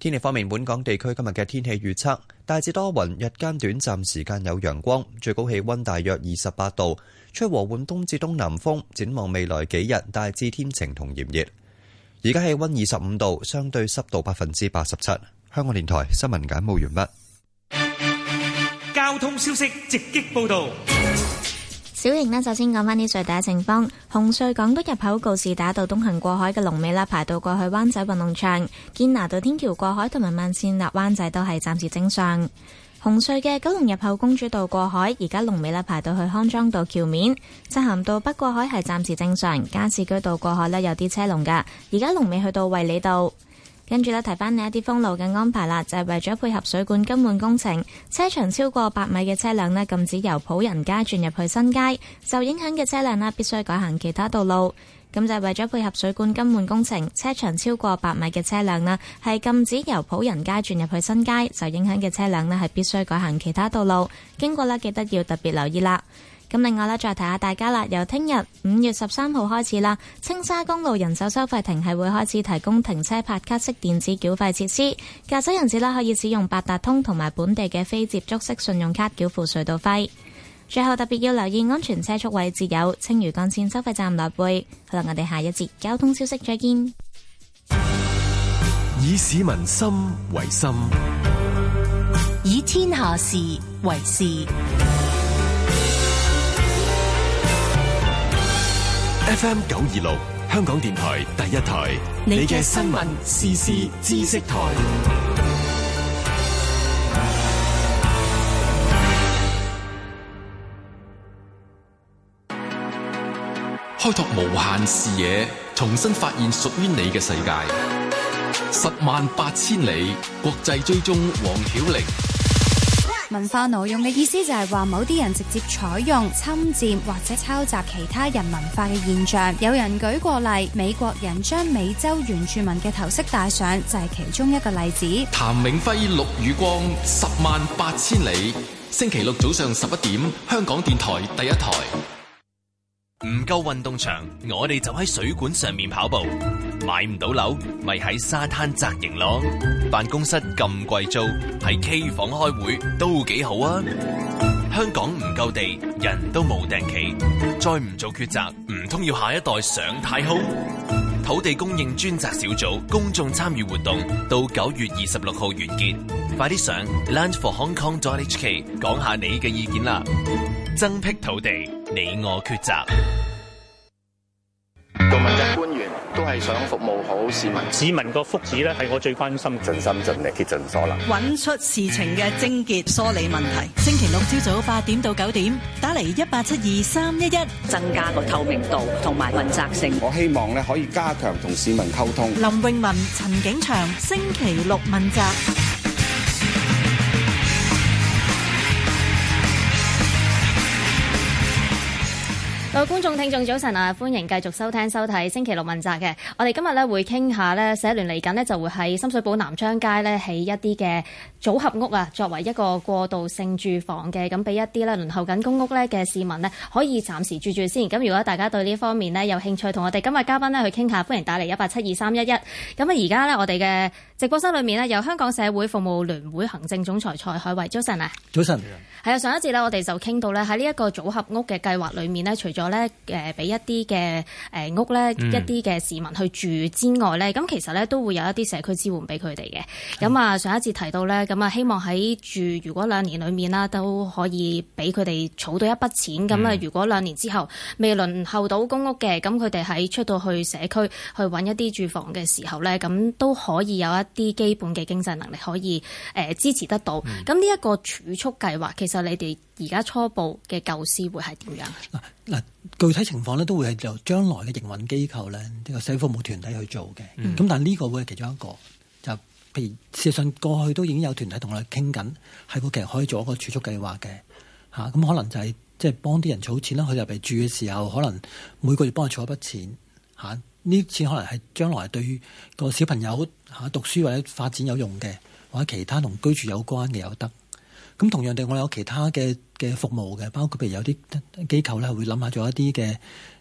天氣方面，本港地區今日嘅天氣預測大致多雲，日間短暫時間有陽光，最高氣溫大約二十八度，吹和緩東至東南風。展望未來幾日，大致天晴同炎熱。而家氣溫二十五度，相對濕度百分之八十七。香港電台新聞簡報完畢。交通消息直擊報道。小瑩呢，首先講翻啲最大情況。紅隧港島入口告士打道東行過海嘅龍尾啦，排到過去灣仔運動場。堅拿道天橋過海同埋慢線入灣仔都係暫時正常。紅隧嘅九龍入口公主道過海，而家龍尾啦排到去康莊道橋面，西行道北過海係暫時正常，加士居道過海咧有啲車龍噶，而家龍尾去到衛理道。跟住咧，提翻你一啲封路嘅安排啦，就係為咗配合水管更換工程，車長超過八米嘅車輛呢，禁止由普仁街轉入去新街，受影響嘅車輛呢，必須改行其他道路。咁就係為咗配合水管更換工程，車長超過八米嘅車輛呢係禁止由普仁街轉入去新街，受影響嘅車輛呢係必須改行其他道路。經過呢，記得要特別留意啦。咁另外咧，再提下大家啦。由聽日五月十三號開始啦，青沙公路人手收費亭係會開始提供停車拍卡式電子繳費設施，駕駛人士啦可以使用八達通同埋本地嘅非接觸式信用卡繳付隧道費。最後特別要留意安全車速位置有青嶼幹線收費站立背。好啦，我哋下一節交通消息再見。以市民心為心，以天下事為事。FM 九二六，香港電臺第一台，你嘅新聞、時事、知識台，開拓無限視野，重新發現屬於你嘅世界。十萬八千里，國際追蹤，黃曉玲。文化挪用嘅意思就係話某啲人直接採用、侵佔或者抄襲其他人文化嘅現象。有人舉過例，美國人將美洲原住民嘅頭飾戴上，就係、是、其中一個例子。譚永輝、陸宇光，十萬八千里，星期六早上十一點，香港電台第一台。唔夠運動場，我哋就喺水管上面跑步。買唔到樓，咪喺沙灘紮營咯。辦公室咁貴租，喺 K 房開會都幾好啊。香港唔夠地，人都冇定期，再唔做抉擇，唔通要下一代上太空？土地供應專責小組公眾參與活動到九月二十六號完結，快啲上 Land for Hong Kong dot HK 講下你嘅意見啦。增辟土地。你我抉擇。做問責官員都係想服務好市民。市民個福祉咧係我最關心、盡心盡力、竭盡所能。揾出事情嘅症結，梳理問題。嗯、星期六朝早八點到九點，打嚟一八七二三一一，增加個透明度同埋問責性。我希望咧可以加強同市民溝通。林泳文、陳景祥，星期六問責。各位觀眾、聽眾，早晨啊！歡迎繼續收聽、收睇星期六問責嘅。我哋今日呢會傾下呢，社聯嚟緊呢，就會喺深水埗南昌街呢起一啲嘅。組合屋啊，作為一個過渡性住房嘅，咁俾一啲咧輪候緊公屋咧嘅市民咧，可以暫時住住先。咁如果大家對呢方面咧有興趣，同我哋今日嘉賓咧去傾下，歡迎打嚟一八七二三一一。咁啊，而家呢，我哋嘅直播室裏面呢，有香港社會服務聯會行政總裁蔡海偉，早晨啊，早晨安。係啊，上一節呢，我哋就傾到咧喺呢一個組合屋嘅計劃裏面呢，除咗呢誒俾一啲嘅誒屋呢、一啲嘅市民去住之外呢，咁、嗯、其實呢都會有一啲社區支援俾佢哋嘅。咁啊的，上一節提到呢。咁啊，希望喺住，如果兩年裏面啦，都可以俾佢哋儲到一筆錢。咁啊、嗯，如果兩年之後未能輪候到公屋嘅，咁佢哋喺出到去社區去揾一啲住房嘅時候呢，咁都可以有一啲基本嘅經濟能力可以誒、呃、支持得到。咁呢一個儲蓄計劃，其實你哋而家初步嘅構思會係點樣？嗱嗱，具體情況咧都會係由將來嘅營運機構咧呢個社會服務團體去做嘅。咁、嗯、但呢個會係其中一個。譬如，事實上過去都已經有團體同我哋傾緊，係其實可以做一個儲蓄計劃嘅，嚇、啊、咁、嗯、可能就係、是、即係幫啲人儲錢啦。佢入嚟住嘅時候，可能每個月幫佢儲一筆錢，嚇呢啲錢可能係將來對個小朋友嚇、啊、讀書或者發展有用嘅，或者其他同居住有關嘅有得。咁、啊、同樣地，我哋有其他嘅嘅服務嘅，包括譬如有啲機構咧會諗下做一啲嘅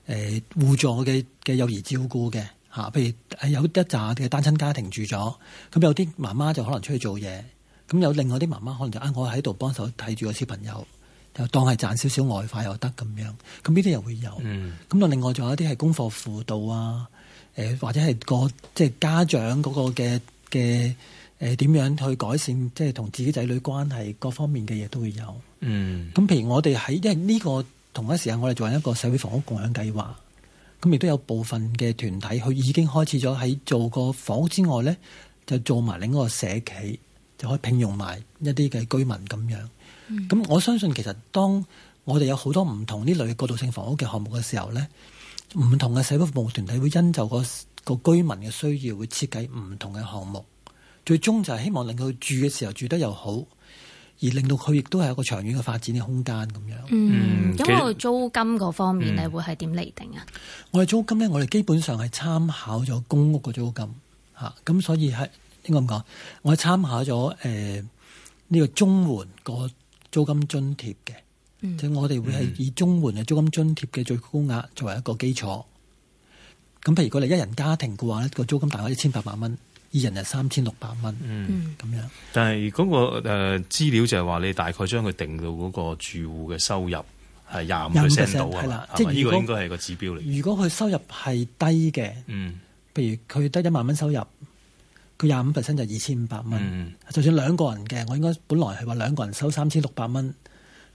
誒互助嘅嘅幼兒照顧嘅。嚇、啊！譬如係有一紮嘅單親家庭住咗，咁有啲媽媽就可能出去做嘢，咁有另外啲媽媽可能就啊，我喺度幫手睇住個小朋友，就當係賺少少外快又得咁樣。咁呢啲又會有。咁到、嗯、另外仲有啲係功課輔導啊，誒、呃、或者係個即係、就是、家長嗰個嘅嘅誒點樣去改善，即係同自己仔女關係各方面嘅嘢都會有。嗯。咁譬如我哋喺因為呢個同一時間，我哋做一個社會房屋共享計劃。咁亦都有部分嘅團體，佢已經開始咗喺做個房屋之外咧，就做埋另一個社企，就可以聘用埋一啲嘅居民咁樣。咁、嗯、我相信其實當我哋有好多唔同呢類嘅過渡性房屋嘅項目嘅時候咧，唔同嘅社會服務團體會因就個個居民嘅需要，會設計唔同嘅項目，最終就係希望令佢住嘅時候住得又好。而令到佢亦都係一個長遠嘅發展嘅空間，咁樣。嗯，咁我租金嗰方面咧、嗯、你會係點釐定啊？我哋租金咧，我哋基本上係參考咗公屋嘅租金吓，咁所以係應該咁講，我係參考咗誒呢個綜援個租金津貼嘅，即係、嗯、我哋會係以綜援嘅租金津貼嘅最高額作為一個基礎，咁譬如如果你一人家庭嘅話咧，個租金大概一千八百蚊。二人係三千六百蚊咁樣，但係嗰、嗰個誒、呃、資料就係話你大概將佢定到嗰個住戶嘅收入係廿五 percent，係啦，吧即係呢個應該係個指標嚟。如果佢收入係低嘅，嗯，譬如佢得一萬蚊收入，佢廿五 percent 就二千五百蚊。就，是2，嗯、就算兩個人嘅，我應該本來係話兩個人收三千六百蚊，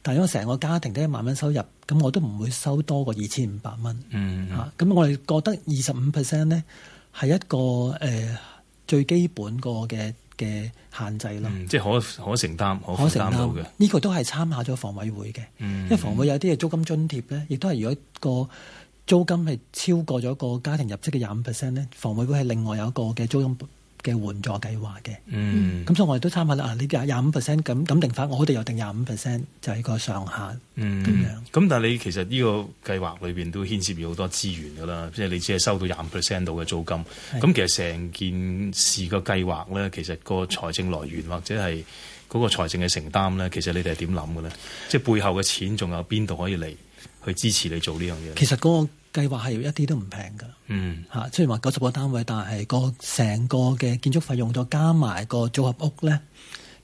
但因為成個家庭得一萬蚊收入，咁我都唔會收多過二千五百蚊。嗯，咁、嗯啊、我哋覺得二十五 percent 咧係一個誒。呃最基本個嘅嘅限制啦、嗯，即係可可承擔，可承擔到嘅。呢個都係參考咗房委會嘅，嗯、因為房委會有啲嘅租金津貼咧，亦都係如果個租金係超過咗個家庭入息嘅廿五 percent 咧，房委會係另外有一個嘅租金。嘅援助計劃嘅，嗯，咁所以我哋都參考啦，啊，你廿廿五 percent 咁咁定法，我哋又定廿五 percent 就係個上限，嗯，咁樣，咁但係你其實呢個計劃裏邊都牽涉到好多資源噶啦，即係你只係收到廿五 percent 度嘅租金，咁其實成件事個計劃咧，其實個財政來源或者係嗰個財政嘅承擔咧，其實你哋係點諗嘅咧？即係背後嘅錢仲有邊度可以嚟去支持你做呢樣嘢？其實嗰個。計劃係一啲都唔平噶，嚇、嗯！雖然話九十個單位，但係個成個嘅建築費用再加埋個組合屋咧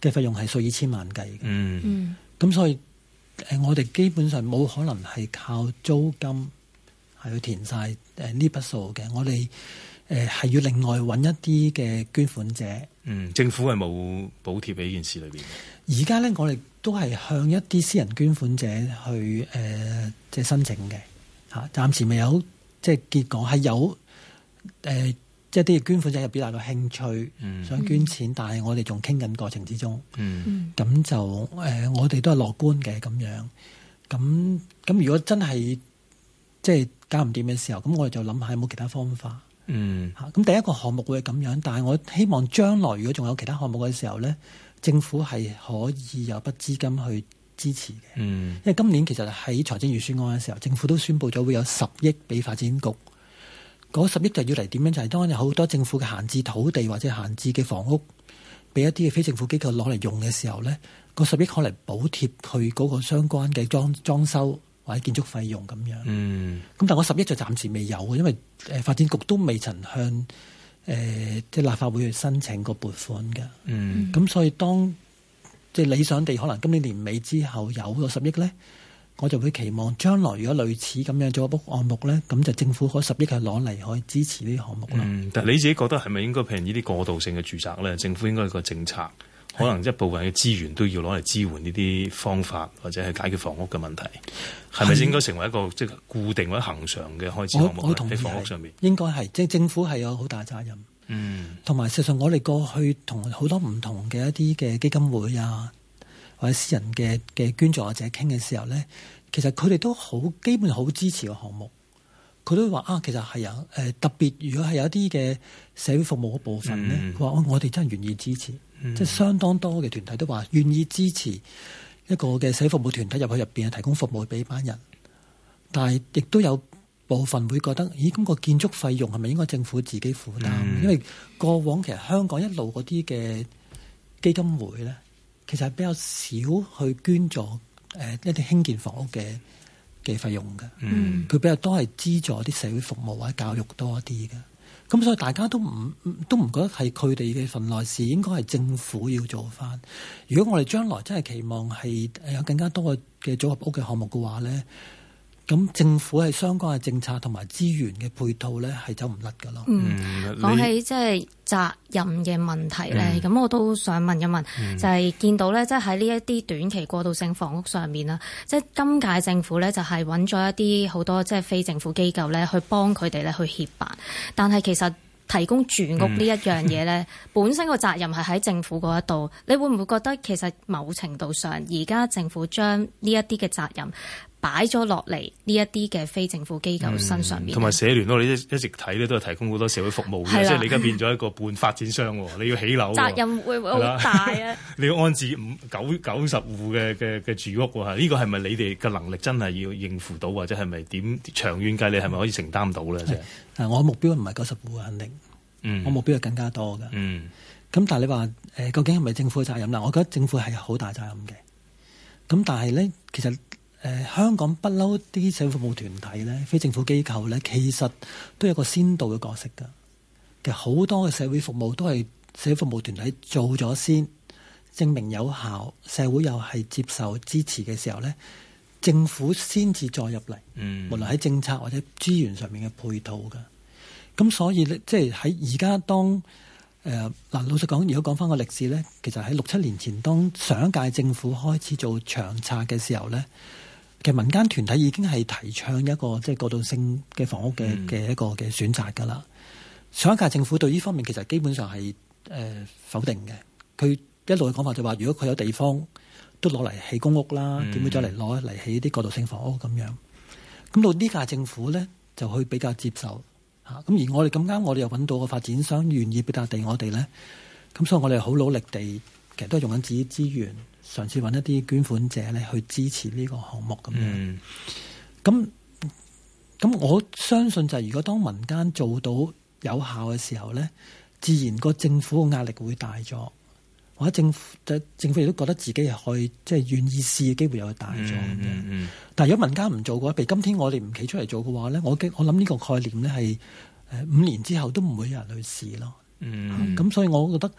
嘅費用係數以千萬計嘅。嗯，咁所以誒，我哋基本上冇可能係靠租金係去填晒誒呢筆數嘅。我哋誒係要另外揾一啲嘅捐款者。嗯，政府係冇補貼畀呢件事裏邊。而家咧，我哋都係向一啲私人捐款者去誒即係申請嘅。暫時未有即係結果，係有誒一啲捐款者入邊表達到興趣，嗯、想捐錢，嗯、但係我哋仲傾緊過程之中。咁、嗯、就誒、呃，我哋都係樂觀嘅咁樣。咁咁如果真係即係搞唔掂嘅時候，咁我哋就諗下有冇其他方法。嗯，吓咁、啊、第一個項目會係咁樣，但係我希望將來如果仲有其他項目嘅時候咧，政府係可以有筆資金去。支持嘅，因為今年其實喺財政預算案嘅時候，政府都宣布咗會有十億俾發展局。嗰十億就要嚟點樣？就係當有好多政府嘅閒置土地或者閒置嘅房屋，俾一啲嘅非政府機構攞嚟用嘅時候呢，嗰十億可能補貼去嗰個相關嘅裝裝修或者建築費用咁樣。嗯，咁但係嗰十億就暫時未有嘅，因為誒發展局都未曾向誒、呃、即係立法會去申請個撥款嘅。嗯，咁所以當即係理想地，可能今年年尾之後有咗十億咧，我就會期望將來如果類似咁樣做一筆項目咧，咁就政府嗰十億係攞嚟可以支持項呢啲項目啦。嗯，但係你自己覺得係咪應該譬如呢啲過渡性嘅住宅咧？政府應該個政策可能一部分嘅資源都要攞嚟支援呢啲方法，或者係解決房屋嘅問題，係咪應該成為一個的即係固定或者恆常嘅開支項目喺房屋上面？應該係即係政府係有好大責任。嗯，同埋事實上，我哋過去同好多唔同嘅一啲嘅基金會啊，或者私人嘅嘅捐助者傾嘅時候呢，其實佢哋都好基本好支持個項目，佢都話啊，其實係有誒、呃、特別，如果係有一啲嘅社會服務嘅部分呢，佢話、嗯哎、我我哋真係願意支持，嗯、即係相當多嘅團體都話願意支持一個嘅社會服務團體入去入邊啊，提供服務俾班人，但係亦都有。部分會覺得，咦？咁個建築費用係咪應該政府自己負擔？嗯，因為過往其實香港一路嗰啲嘅基金會呢，其實係比較少去捐助誒一啲興建房屋嘅嘅費用嘅。嗯，佢比較多係資助啲社會服務或者教育多啲嘅。咁所以大家都唔都唔覺得係佢哋嘅份內事，應該係政府要做翻。如果我哋將來真係期望係有更加多嘅嘅組合屋嘅項目嘅話呢。咁政府係相關嘅政策同埋資源嘅配套咧，係走唔甩噶咯。嗯，講、嗯、起即係責任嘅問題咧，咁、嗯、我都想問一問，嗯、就係見到咧，即係喺呢一啲短期過渡性房屋上面啦，即、就、係、是、今屆政府咧，就係揾咗一啲好多即係非政府機構咧，去幫佢哋咧去協辦。但係其實提供住屋呢一樣嘢咧，嗯、本身個責任係喺政府嗰一度，嗯、 你會唔會覺得其實某程度上而家政府將呢一啲嘅責任？擺咗落嚟呢一啲嘅非政府機構身上面，同埋、嗯、社聯咯，你一一直睇咧，都係提供好多社會服務嘅，即係的你而家變咗一個半發展商，你要起樓 責任會好大啊！ 你要安置五九九十戶嘅嘅嘅住屋吓，呢個係咪你哋嘅能力真係要應付到，或者係咪點長遠計，你係咪可以承擔到咧？即係我目標唔係九十戶肯定、嗯、我目標係更加多噶嗯。咁但係你話誒，究竟係咪政府嘅責任啦？我覺得政府係好大責任嘅。咁但係咧，其實。誒、呃、香港不嬲啲社會服務團體呢，非政府機構呢，其實都有個先導嘅角色㗎。其實好多嘅社會服務都係社會服務團體做咗先，證明有效，社會又係接受支持嘅時候呢，政府先至再入嚟，嗯、無論喺政策或者資源上面嘅配套㗎。咁所以呢，即係喺而家當誒嗱、呃，老實講，如果講翻個歷史呢，其實喺六七年前，當上一屆政府開始做長策嘅時候呢，其實民間團體已經係提倡一個即係過渡性嘅房屋嘅嘅一個嘅選擇噶啦。嗯、上一屆政府對呢方面其實基本上係誒、呃、否定嘅。佢一路嘅講法就話，如果佢有地方都攞嚟起公屋啦，點會再嚟攞嚟起啲過渡性房屋咁樣？咁到呢屆政府呢，就去比較接受吓。咁、啊、而我哋咁啱，我哋又揾到個發展商願意撥笪地我哋呢。咁所以我哋好努力地，其實都係用緊自己資源。嘗試揾一啲捐款者咧，去支持呢個項目咁樣，咁咁、嗯、我相信就係如果當民間做到有效嘅時候咧，自然個政府嘅壓力會大咗，或者政府嘅政府亦都覺得自己係可以，即係願意試嘅機會又會大咗咁樣。嗯嗯嗯、但係如果民間唔做嘅話，譬如今天我哋唔企出嚟做嘅話咧，我我諗呢個概念咧係誒五年之後都唔會有人去試咯。嗯，咁、嗯、所以我覺得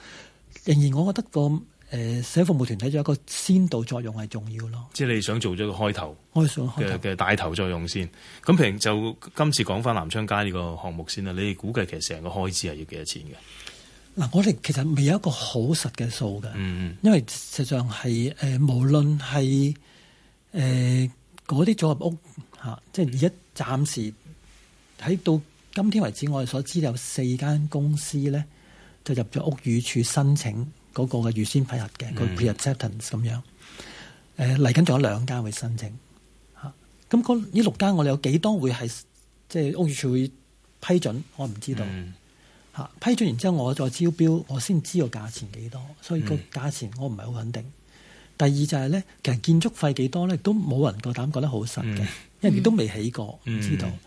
仍然，我覺得個。誒、呃，社服務團體有一做，一做一個先導作用係重要咯。即係你想做咗個開頭，嘅嘅的帶頭作用先。咁平就今次講翻南昌街呢個項目先啦。你哋估計其實成個開支係要幾多錢嘅？嗱、嗯，我哋其實未有一個好實嘅數嘅。嗯，因為實際上係誒，無論係誒嗰啲組合屋嚇、啊，即係而家暫時喺到今天為止，我哋所知有四間公司咧，就入咗屋宇署申請。嗰個嘅預先批核嘅，個、mm. preceptance 咁樣，誒嚟緊仲有兩家會申請嚇，咁、啊、呢六家我哋有幾多會係即係屋宇署會批准，我唔知道嚇、mm. 啊。批准完之後，我再招標，我先知個價錢幾多，所以個價錢我唔係好肯定。Mm. 第二就係咧，其實建築費幾多咧，都冇人夠膽覺得好實嘅，因為、mm. 亦都未起過，唔、mm. 知道。Mm.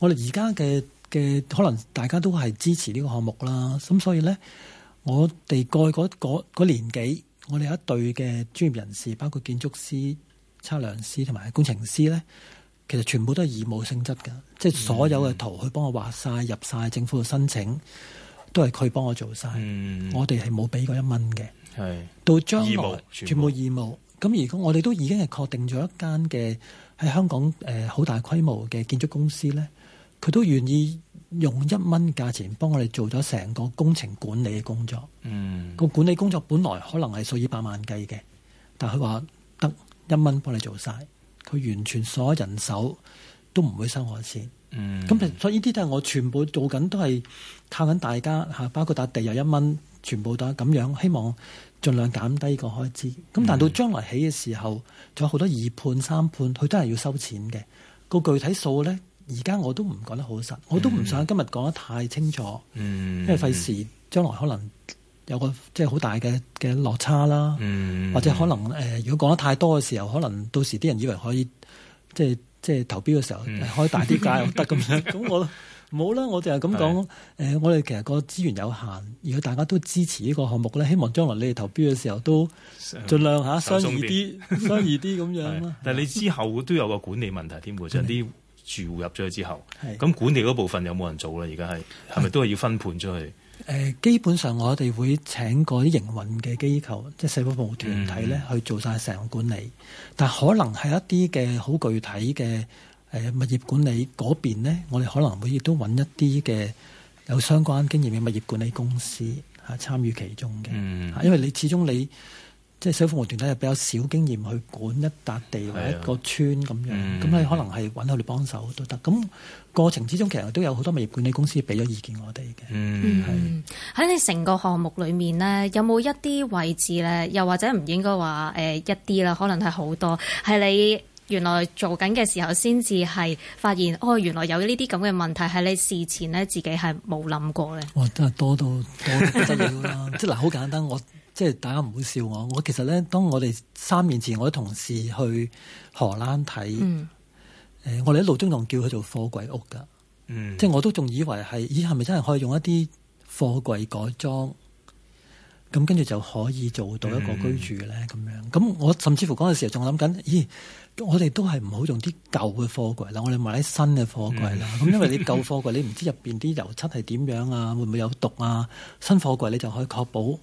我哋而家嘅嘅可能大家都係支持呢個項目啦，咁所以咧。我哋過去嗰年紀，我哋一隊嘅專業人士，包括建築師、測量師同埋工程師呢，其實全部都係義務性質嘅，嗯、即係所有嘅圖佢幫我畫晒、入晒政府嘅申請，都係佢幫我做晒。嗯、我哋係冇俾過一蚊嘅，係到將來全部義務。咁部而家我哋都已經係確定咗一間嘅喺香港誒好大規模嘅建築公司呢，佢都願意。用一蚊價錢幫我哋做咗成個工程管理嘅工作，個、嗯、管理工作本來可能係數以百萬計嘅，但佢話得一蚊幫你做晒，佢完全所有人手都唔會收我錢。嗯，咁就所以呢啲都係我全部做緊都係靠緊大家嚇，包括笪地又一蚊，全部都係咁樣，希望儘量減低個開支。咁、嗯、但到將來起嘅時候，仲有好多二判三判，佢都係要收錢嘅。個具體數咧。而家我都唔講得好實，我都唔想今日講得太清楚，嗯、因為費事將來可能有個即係好大嘅嘅落差啦，嗯、或者可能誒、呃，如果講得太多嘅時候，可能到時啲人以為可以即係即係投標嘅時候開大啲價又得咁樣。咁、嗯、我冇 啦，我就係咁講誒是、呃。我哋其實個資源有限，如果大家都支持呢個項目咧，希望將來你哋投標嘅時候都盡量吓相宜啲， 相宜啲咁樣，但係你之後都有個管理問題添喎，即啲。住戶入咗去之後，咁管理嗰部分有冇人做咧？而家係係咪都係要分判出去？誒、呃，基本上我哋會請嗰啲營運嘅機構，即係社會服務團體咧、嗯、去做晒成個管理，但可能係一啲嘅好具體嘅誒、呃、物業管理嗰邊咧，我哋可能會亦都揾一啲嘅有相關經驗嘅物業管理公司嚇、啊、參與其中嘅。嗯、啊，因為你始終你。即係小服務團體又比較少經驗去管一笪地或一個村咁樣，咁你可能係揾佢哋幫手都得。咁過程之中其實都有好多物業管理公司俾咗意見我哋嘅。嗯，喺是你成個項目裡面咧，有冇一啲位置咧？又或者唔應該話誒、呃、一啲啦？可能係好多係你原來做緊嘅時候先至係發現哦，原來有呢啲咁嘅問題係你事前咧自己係冇諗過嘅、 呃。我都係多到多不得了啦！即嗱，好簡單我。即係大家唔好笑我，我其實咧，當我哋三年前我啲同事去荷蘭睇，誒、嗯呃，我哋一路中仲叫佢做貨櫃屋噶，嗯、即係我都仲以為係，咦，係咪真係可以用一啲貨櫃改裝，咁跟住就可以做到一個居住咧咁、嗯、樣？咁我甚至乎嗰陣時仲諗緊，咦，我哋都係唔好用啲舊嘅貨櫃啦，我哋買啲新嘅貨櫃啦。咁、嗯、 因為舊貨櫃你舊貨櫃你唔知入邊啲油漆係點樣啊，會唔會有毒啊？新貨櫃你就可以確保。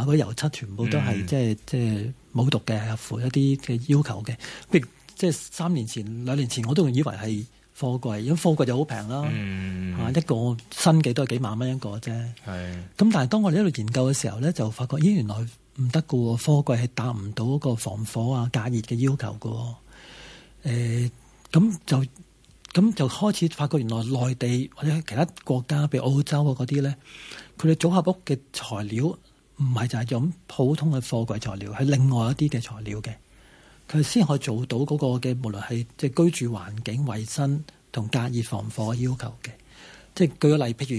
嗰、啊、油漆全部都係、嗯、即係即係冇毒嘅，合乎一啲嘅要求嘅。即係三年前兩年前，我都以為係貨櫃，因為貨櫃就好平啦。嚇、嗯啊、一個新幾都係幾萬蚊一個啫。係咁是，但係當我哋喺度研究嘅時候咧，就發覺咦，原來唔得噶喎。貨櫃係達唔到個防火啊、隔熱嘅要求噶。誒、呃、咁就咁就開始發覺，原來內地或者其他國家，譬如澳洲啊嗰啲咧，佢哋組合屋嘅材料。唔係就係、是、用普通嘅貨櫃材料，係另外一啲嘅材料嘅，佢先可以做到嗰個嘅無論係即係居住環境衞生同隔熱防火嘅要求嘅。即係舉個例，譬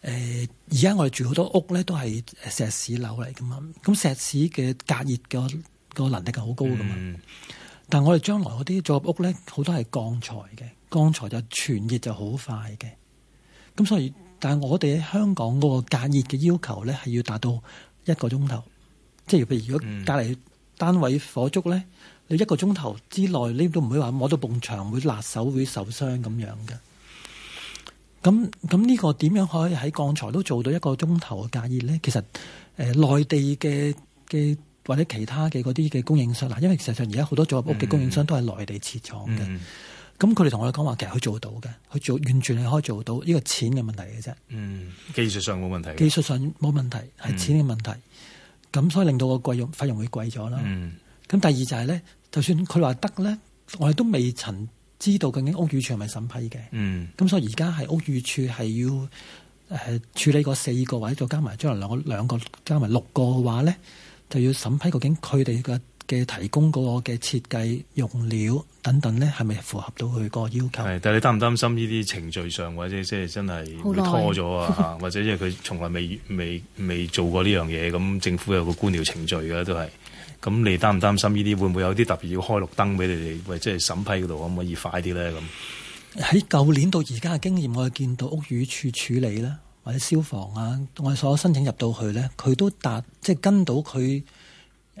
如誒而家我哋住好多屋咧，都係石屎樓嚟噶嘛。咁石屎嘅隔熱嘅個能力係好高噶嘛。嗯、但係我哋將來嗰啲組合屋咧，好多係鋼材嘅，鋼材就傳熱就好快嘅。咁所以，但係我哋喺香港嗰個隔熱嘅要求咧，係要達到。一個鐘頭，即係譬如如果隔離單位火燭咧，嗯、你一個鐘頭之內，你都唔會話摸到牆會辣手會受傷咁樣嘅。咁咁呢個點樣可以喺鋼材都做到一個鐘頭嘅隔熱咧？其實誒、呃，內地嘅嘅或者其他嘅嗰啲嘅供應商嗱，因為事實上而家好多組合屋嘅供應商都係內地設廠嘅。嗯嗯嗯嗯咁佢哋同我哋講話，其實佢做到嘅，佢做完全係可以做到，呢個錢嘅問題嘅啫。嗯，技術上冇問，問題。技術上冇問題，係錢嘅問題。咁所以令到個貴用費用會貴咗啦。嗯。咁第二就係咧，就算佢話得咧，我哋都未曾知道究竟屋宇署係咪審批嘅。嗯。咁所以而家係屋宇署係要誒處理個四個，或者再加埋將來兩個兩個加埋六個嘅話咧，就要審批究竟佢哋嘅。嘅提供嗰個嘅設計用料等等咧，係咪符合到佢個要求？係，但係你擔唔擔心呢啲程序上，或者即係真係會拖咗啊？久 或者因為佢從來未未未做過呢樣嘢，咁政府有個官僚程序嘅都係。咁你擔唔擔心呢啲會唔會有啲特別要開綠燈俾你哋？或者係審批嗰度可唔可以快啲咧？咁喺舊年到而家嘅經驗，我哋見到屋宇處處理咧，或者消防啊，我哋所有申請入到去咧，佢都達即係跟到佢。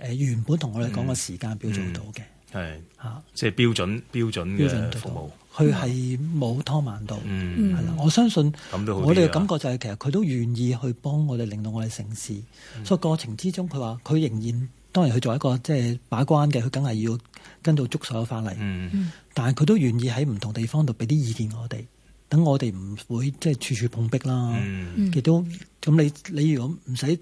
誒、呃、原本同我哋講個時間表做到嘅，係嚇、嗯嗯，即係標準標準嘅服務，佢係冇拖慢到，係啦。我相信我哋嘅感覺就係、是、其實佢都願意去幫我哋，令到我哋成事。嗯、所以過程之中，佢話佢仍然當,當然去做一個即係把關嘅，佢梗係要跟到捉手翻嚟。嗯、但係佢都願意喺唔同地方度俾啲意見我哋，等我哋唔會即係處處碰壁啦。亦、嗯、都咁你你如果唔使。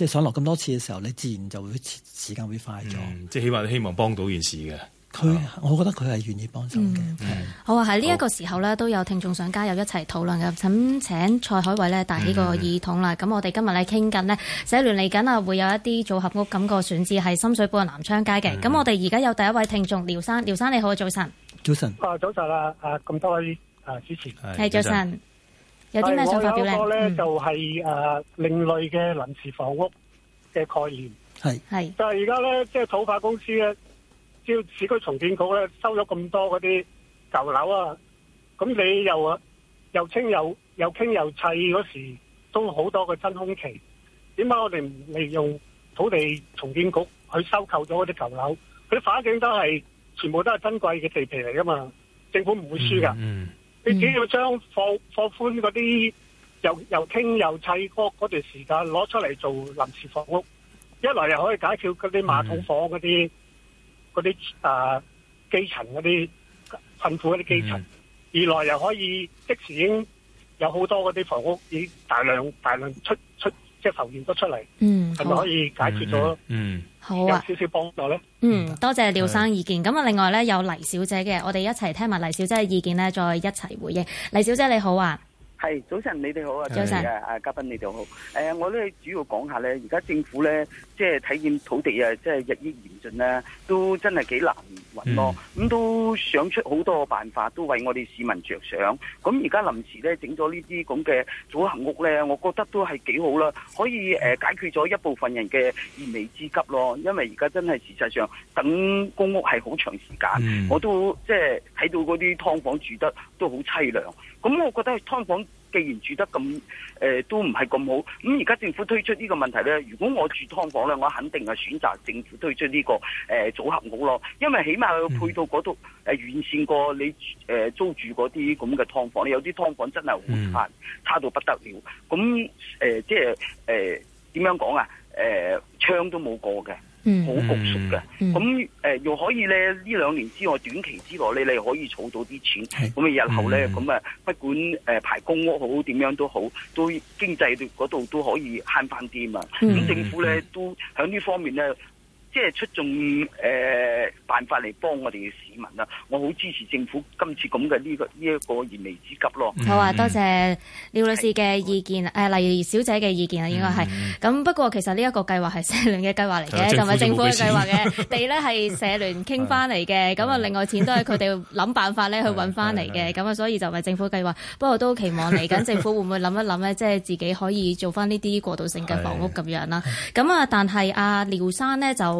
即係上落咁多次嘅時候，你自然就會時間會快咗。嗯，即係希望希望幫到件事嘅。佢，啊、我覺得佢係願意幫手嘅。嗯、好啊，喺呢一個時候咧，都有聽眾想加入一齊討論嘅。咁請蔡海偉咧，帶起個耳筒啦。咁、嗯嗯嗯、我哋今日咧傾緊呢，社聯嚟緊啊，會有一啲組合屋咁個選址係深水埗南昌街嘅。咁我哋而家有第一位聽眾廖生，廖生你好，早晨、啊。早晨。啊，早晨啊，啊咁多位啊主持。係早晨。係我有一個咧，嗯、就係誒另類嘅臨時房屋嘅概念。係係是就係而家咧，即係土發公司咧，只要市區重建局咧收咗咁多嗰啲舊樓啊。咁你又又清又又傾又砌嗰時，都好多個真空期。點解我哋唔利用土地重建局去收購咗嗰啲舊樓？佢反正都係全部都係珍貴嘅地皮嚟噶嘛？政府唔會輸噶。嗯嗯你只要將放放寬嗰啲又又傾又砌嗰嗰段時間攞出嚟做臨時房屋，一來又可以解決嗰啲馬桶房嗰啲啲啊基層嗰啲困苦嗰啲基層，二來又可以即時已經有好多嗰啲房屋已經大量大量出出。即係浮現得出嚟，嗯，係咪可以解決咗？嗯，好啊，少少幫助咯，啊。嗯，多謝廖生意見。咁啊，另外咧有黎小姐嘅，我哋一齊聽埋黎小姐嘅意見咧，再一齊回應。黎小姐你好啊！係早晨，你哋好啊！早晨上啊，啊，嘉賓你哋好。誒、呃，我咧主要講下咧，而家政府咧，即係體驗土地啊，即係日益嚴峻啦，都真係幾難揾咯。咁、嗯、都想出好多嘅辦法，都為我哋市民着想。咁而家臨時咧整咗呢啲咁嘅組合屋咧，我覺得都係幾好啦，可以誒解決咗一部分人嘅燃眉之急咯。因為而家真係事實上等公屋係好長時間，嗯、我都即係睇到嗰啲劏房住得都好凄涼。咁我覺得劏房既然住得咁誒、呃、都唔係咁好，咁而家政府推出呢個問題咧，如果我住劏房咧，我肯定係選擇政府推出呢、呢個誒、呃、組合屋咯，因為起碼佢配套嗰度誒完善過你誒、呃、租住嗰啲咁嘅劏房，有啲劏房真係好差，嗯、差到不得了。咁誒、呃、即係誒點樣講啊？誒、呃、窗都冇過嘅。好焗熟嘅，咁誒、嗯嗯呃、又可以咧呢兩年之外短期之內咧，你可以儲到啲錢，咁啊、嗯、日後咧咁啊不管誒、呃、排公屋好點樣都好，都經濟嗰度都可以慳翻啲啊嘛，咁、嗯、政府咧、嗯嗯、都響呢方面咧。即係出眾誒、呃、辦法嚟幫我哋嘅市民啦，我好支持政府今次咁嘅呢個呢一、這個燃眉之急咯。嗯嗯、好啊，多謝廖女士嘅意見是、啊，黎小姐嘅意見啊，應該係咁。不過其實呢一個計劃係社聯嘅計劃嚟嘅，唔係政府嘅計劃嘅。地咧係社聯傾翻嚟嘅，咁啊另外錢都係佢哋諗辦法咧去揾翻嚟嘅，咁啊所以就唔係政府計劃。不過都期望嚟緊政府會唔會諗一諗咧，即係 自己可以做翻呢啲過渡性嘅房屋咁樣啦。咁啊，但係啊廖生呢就。啊啊啊啊啊啊啊啊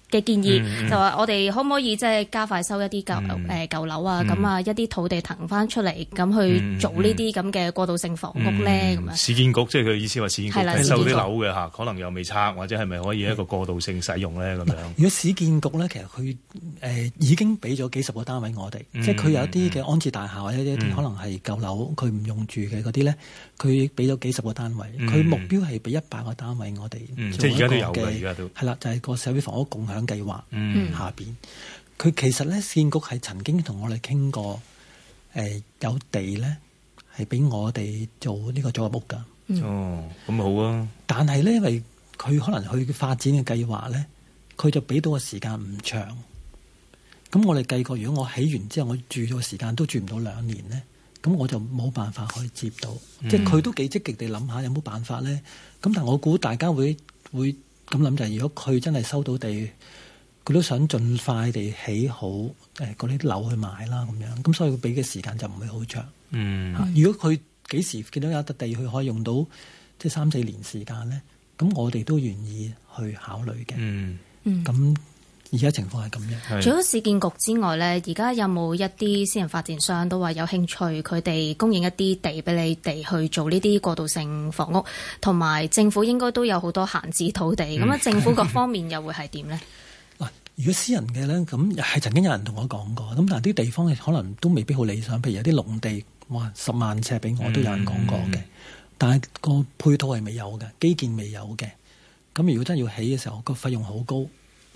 嘅建議、嗯、就話我哋可唔可以即係加快收一啲舊誒舊樓啊？咁啊一啲土地騰翻出嚟，咁去做呢啲咁嘅過渡性房屋咧？咁樣、嗯嗯嗯嗯。市建局即係佢意思話，市建局收啲樓嘅嚇，可能又未拆，或者係咪可以一個過渡性使用咧？咁樣。如果市建局咧，其實佢誒、呃、已經俾咗幾十個單位我哋，嗯、即係佢有一啲嘅安置大廈，或者啲可能係舊樓佢唔用住嘅嗰啲咧，佢俾咗幾十個單位，佢、嗯、目標係俾一百個單位我哋。嗯、即係而家都有㗎，而家都。係啦，就係、係、個社會房屋共享。計劃、嗯、下邊，佢其實咧，建局係曾經同我哋傾過，誒、呃，有地咧係俾我哋做呢個組合屋噶。嗯、哦，咁好啊。但係咧，因為佢可能佢發展嘅計劃咧，佢就俾到嘅時間唔長。咁我哋計過，如果我起完之後，我住咗時間都住唔到兩年咧，咁我就冇辦法可以接到。嗯、即係佢都幾積極地諗下，有冇辦法咧？咁但係我估大家會會咁諗就係，如果佢真係收到地。佢都想盡快地起好誒，嗰啲樓去買啦，咁樣，咁所以佢俾嘅時間就唔會好長。嗯、啊，如果佢幾時見到有一笪地，佢可以用到即係三四年時間呢，咁我哋都願意去考慮嘅。嗯，咁而家情況係咁樣。是除咗市建局之外呢，而家有冇一啲私人發展商都話有興趣，佢哋供應一啲地俾你哋去做呢啲過渡性房屋，同埋政府應該都有好多閒置土地。咁啊，政府各方面又會係點呢？嗯 如果私人嘅咧，咁係曾經有人同我講過，咁但係啲地方可能都未必好理想，譬如有啲農地，哇十萬尺俾我都有人講過嘅，嗯嗯、但係個配套係未有嘅，基建未有嘅，咁如果真係要起嘅時候，個費用好高，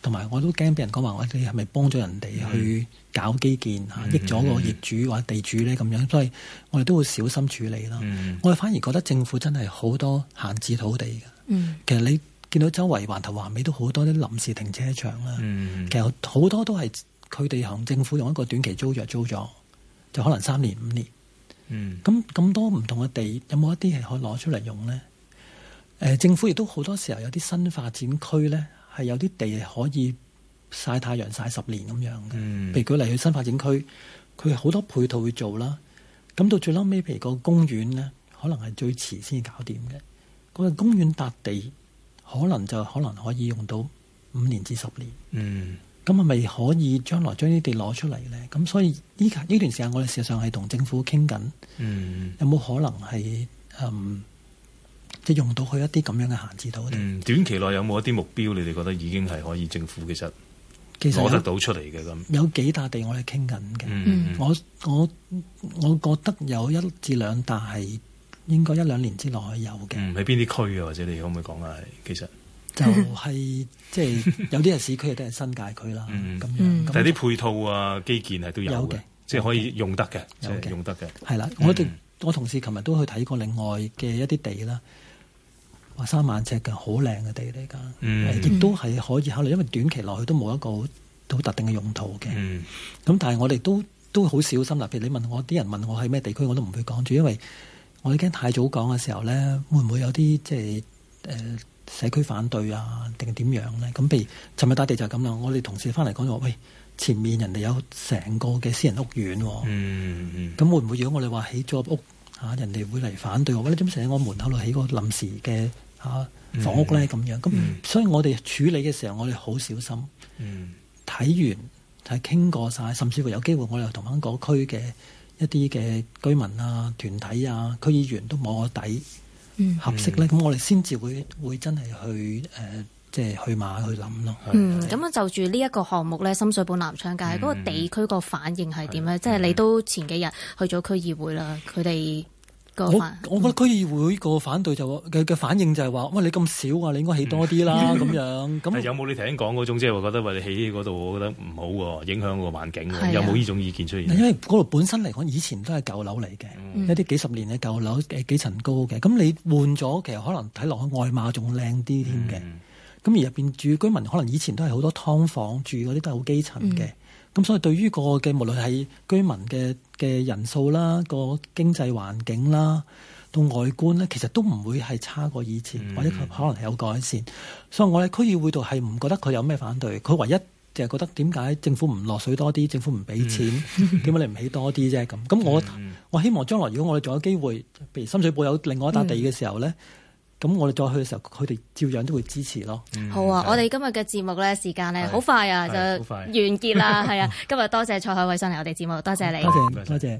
同埋我都驚俾人講話，我哋係咪幫咗人哋去搞基建嚇，嗯嗯嗯、益咗個業主或者地主咧咁樣，所以我哋都會小心處理啦。嗯嗯、我哋反而覺得政府真係好多閒置土地嘅，嗯、其實你，見到周圍環頭環尾都好多啲臨時停車場啦，嗯、其實好多都係佢哋行政府用一個短期租約租咗，就可能三年五年。咁咁、嗯、多唔同嘅地，有冇一啲係可以攞出嚟用呢？呃、政府亦都好多時候有啲新發展區呢，係有啲地係可以曬太陽曬十年咁樣嘅。譬、嗯、如舉例去新發展區，佢好多配套去做啦。咁到最撈尾，譬如個公園呢，可能係最遲先搞掂嘅。嗰、那個公園笪地。可能就可能可以用到五年至十年，嗯，咁係咪可以將來將啲地攞出嚟咧？咁所以依家呢段時間，我哋事實上係同政府傾緊，嗯，有冇可能係嗯即係用到佢一啲咁樣嘅閒置土地？短期內有冇一啲目標？你哋覺得已經係可以政府其實攞得到出嚟嘅咁？有幾笪地我哋傾緊嘅，嗯，我我我覺得有一至兩笪係。應該一兩年之內有嘅。嗯，喺邊啲區啊？或者你可唔可以講下？其實就係即係有啲係市區，亦都係新界區啦。嗯，咁。但係啲配套啊、基建係都有嘅，即係可以用得嘅，用得嘅。係啦，我哋我同事琴日都去睇過另外嘅一啲地啦，話三萬尺嘅好靚嘅地嚟噶，亦都係可以考慮。因為短期內都冇一個好特定嘅用途嘅。嗯。咁但係我哋都都好小心啦。譬如你問我啲人問我喺咩地區，我都唔會講住，因為。我驚太早講嘅時候咧，會唔會有啲即係誒、呃、社區反對啊？定係點樣咧？咁譬如尋日打地就係咁啦。我哋同事翻嚟講話，喂，前面人哋有成個嘅私人屋苑、哦嗯。嗯嗯。咁會唔會如果我哋話起咗屋嚇，人哋會嚟反對我？喂，點解成日我門口度起個臨時嘅嚇房屋咧？咁、嗯嗯、樣咁，所以我哋處理嘅時候，我哋好小心。睇、嗯嗯、完就係傾過晒，甚至乎有機會我哋同翻嗰區嘅。一啲嘅居民啊、團體啊、區議員都摸個底、嗯、合適咧，咁我哋先至會會真係去誒、呃，即係去馬去諗咯。嗯，咁樣、嗯、就住呢一個項目咧，深水埗南昌街嗰、嗯、個地區個反應係點咧？即係是你都前幾日去咗區議會啦，佢哋、嗯。我我覺得區議會個反對就嘅、是、嘅反應就係、是、話，喂，你咁少啊，你應該起多啲啦，咁 樣。咁有冇你頭先講嗰種，即、就、係、是、我覺得喂你起嗰度，我覺得唔好喎，影響個環境。啊、有冇呢種意見出現？因為嗰度本身嚟講，以前都係舊樓嚟嘅，嗯、一啲幾十年嘅舊樓，幾層高嘅。咁你換咗，其實可能睇落去外貌仲靚啲添嘅。咁、嗯、而入邊住居民，可能以前都係好多劏房住嗰啲，都係好基層嘅。嗯咁所以對於、個嘅無論係居民嘅嘅人數啦，個經濟環境啦，到外觀呢，其實都唔會係差過以前，嗯、或者佢可能係有改善。所以我喺區議會度係唔覺得佢有咩反對，佢唯一就係覺得點解政府唔落水多啲，政府唔俾錢，點解、嗯嗯、你唔起多啲啫？咁咁我、嗯、我希望將來如果我哋仲有機會，譬如深水埗有另外一笪地嘅時候呢。嗯嗯。.咁我哋再去嘅時候，佢哋照樣都會支持咯。嗯、好啊，的我哋今日嘅節目咧，時間咧好快啊，的就完結啦，係啊的！ 今日多謝蔡海偉上嚟我哋節目， 多謝你，多謝多謝。多謝。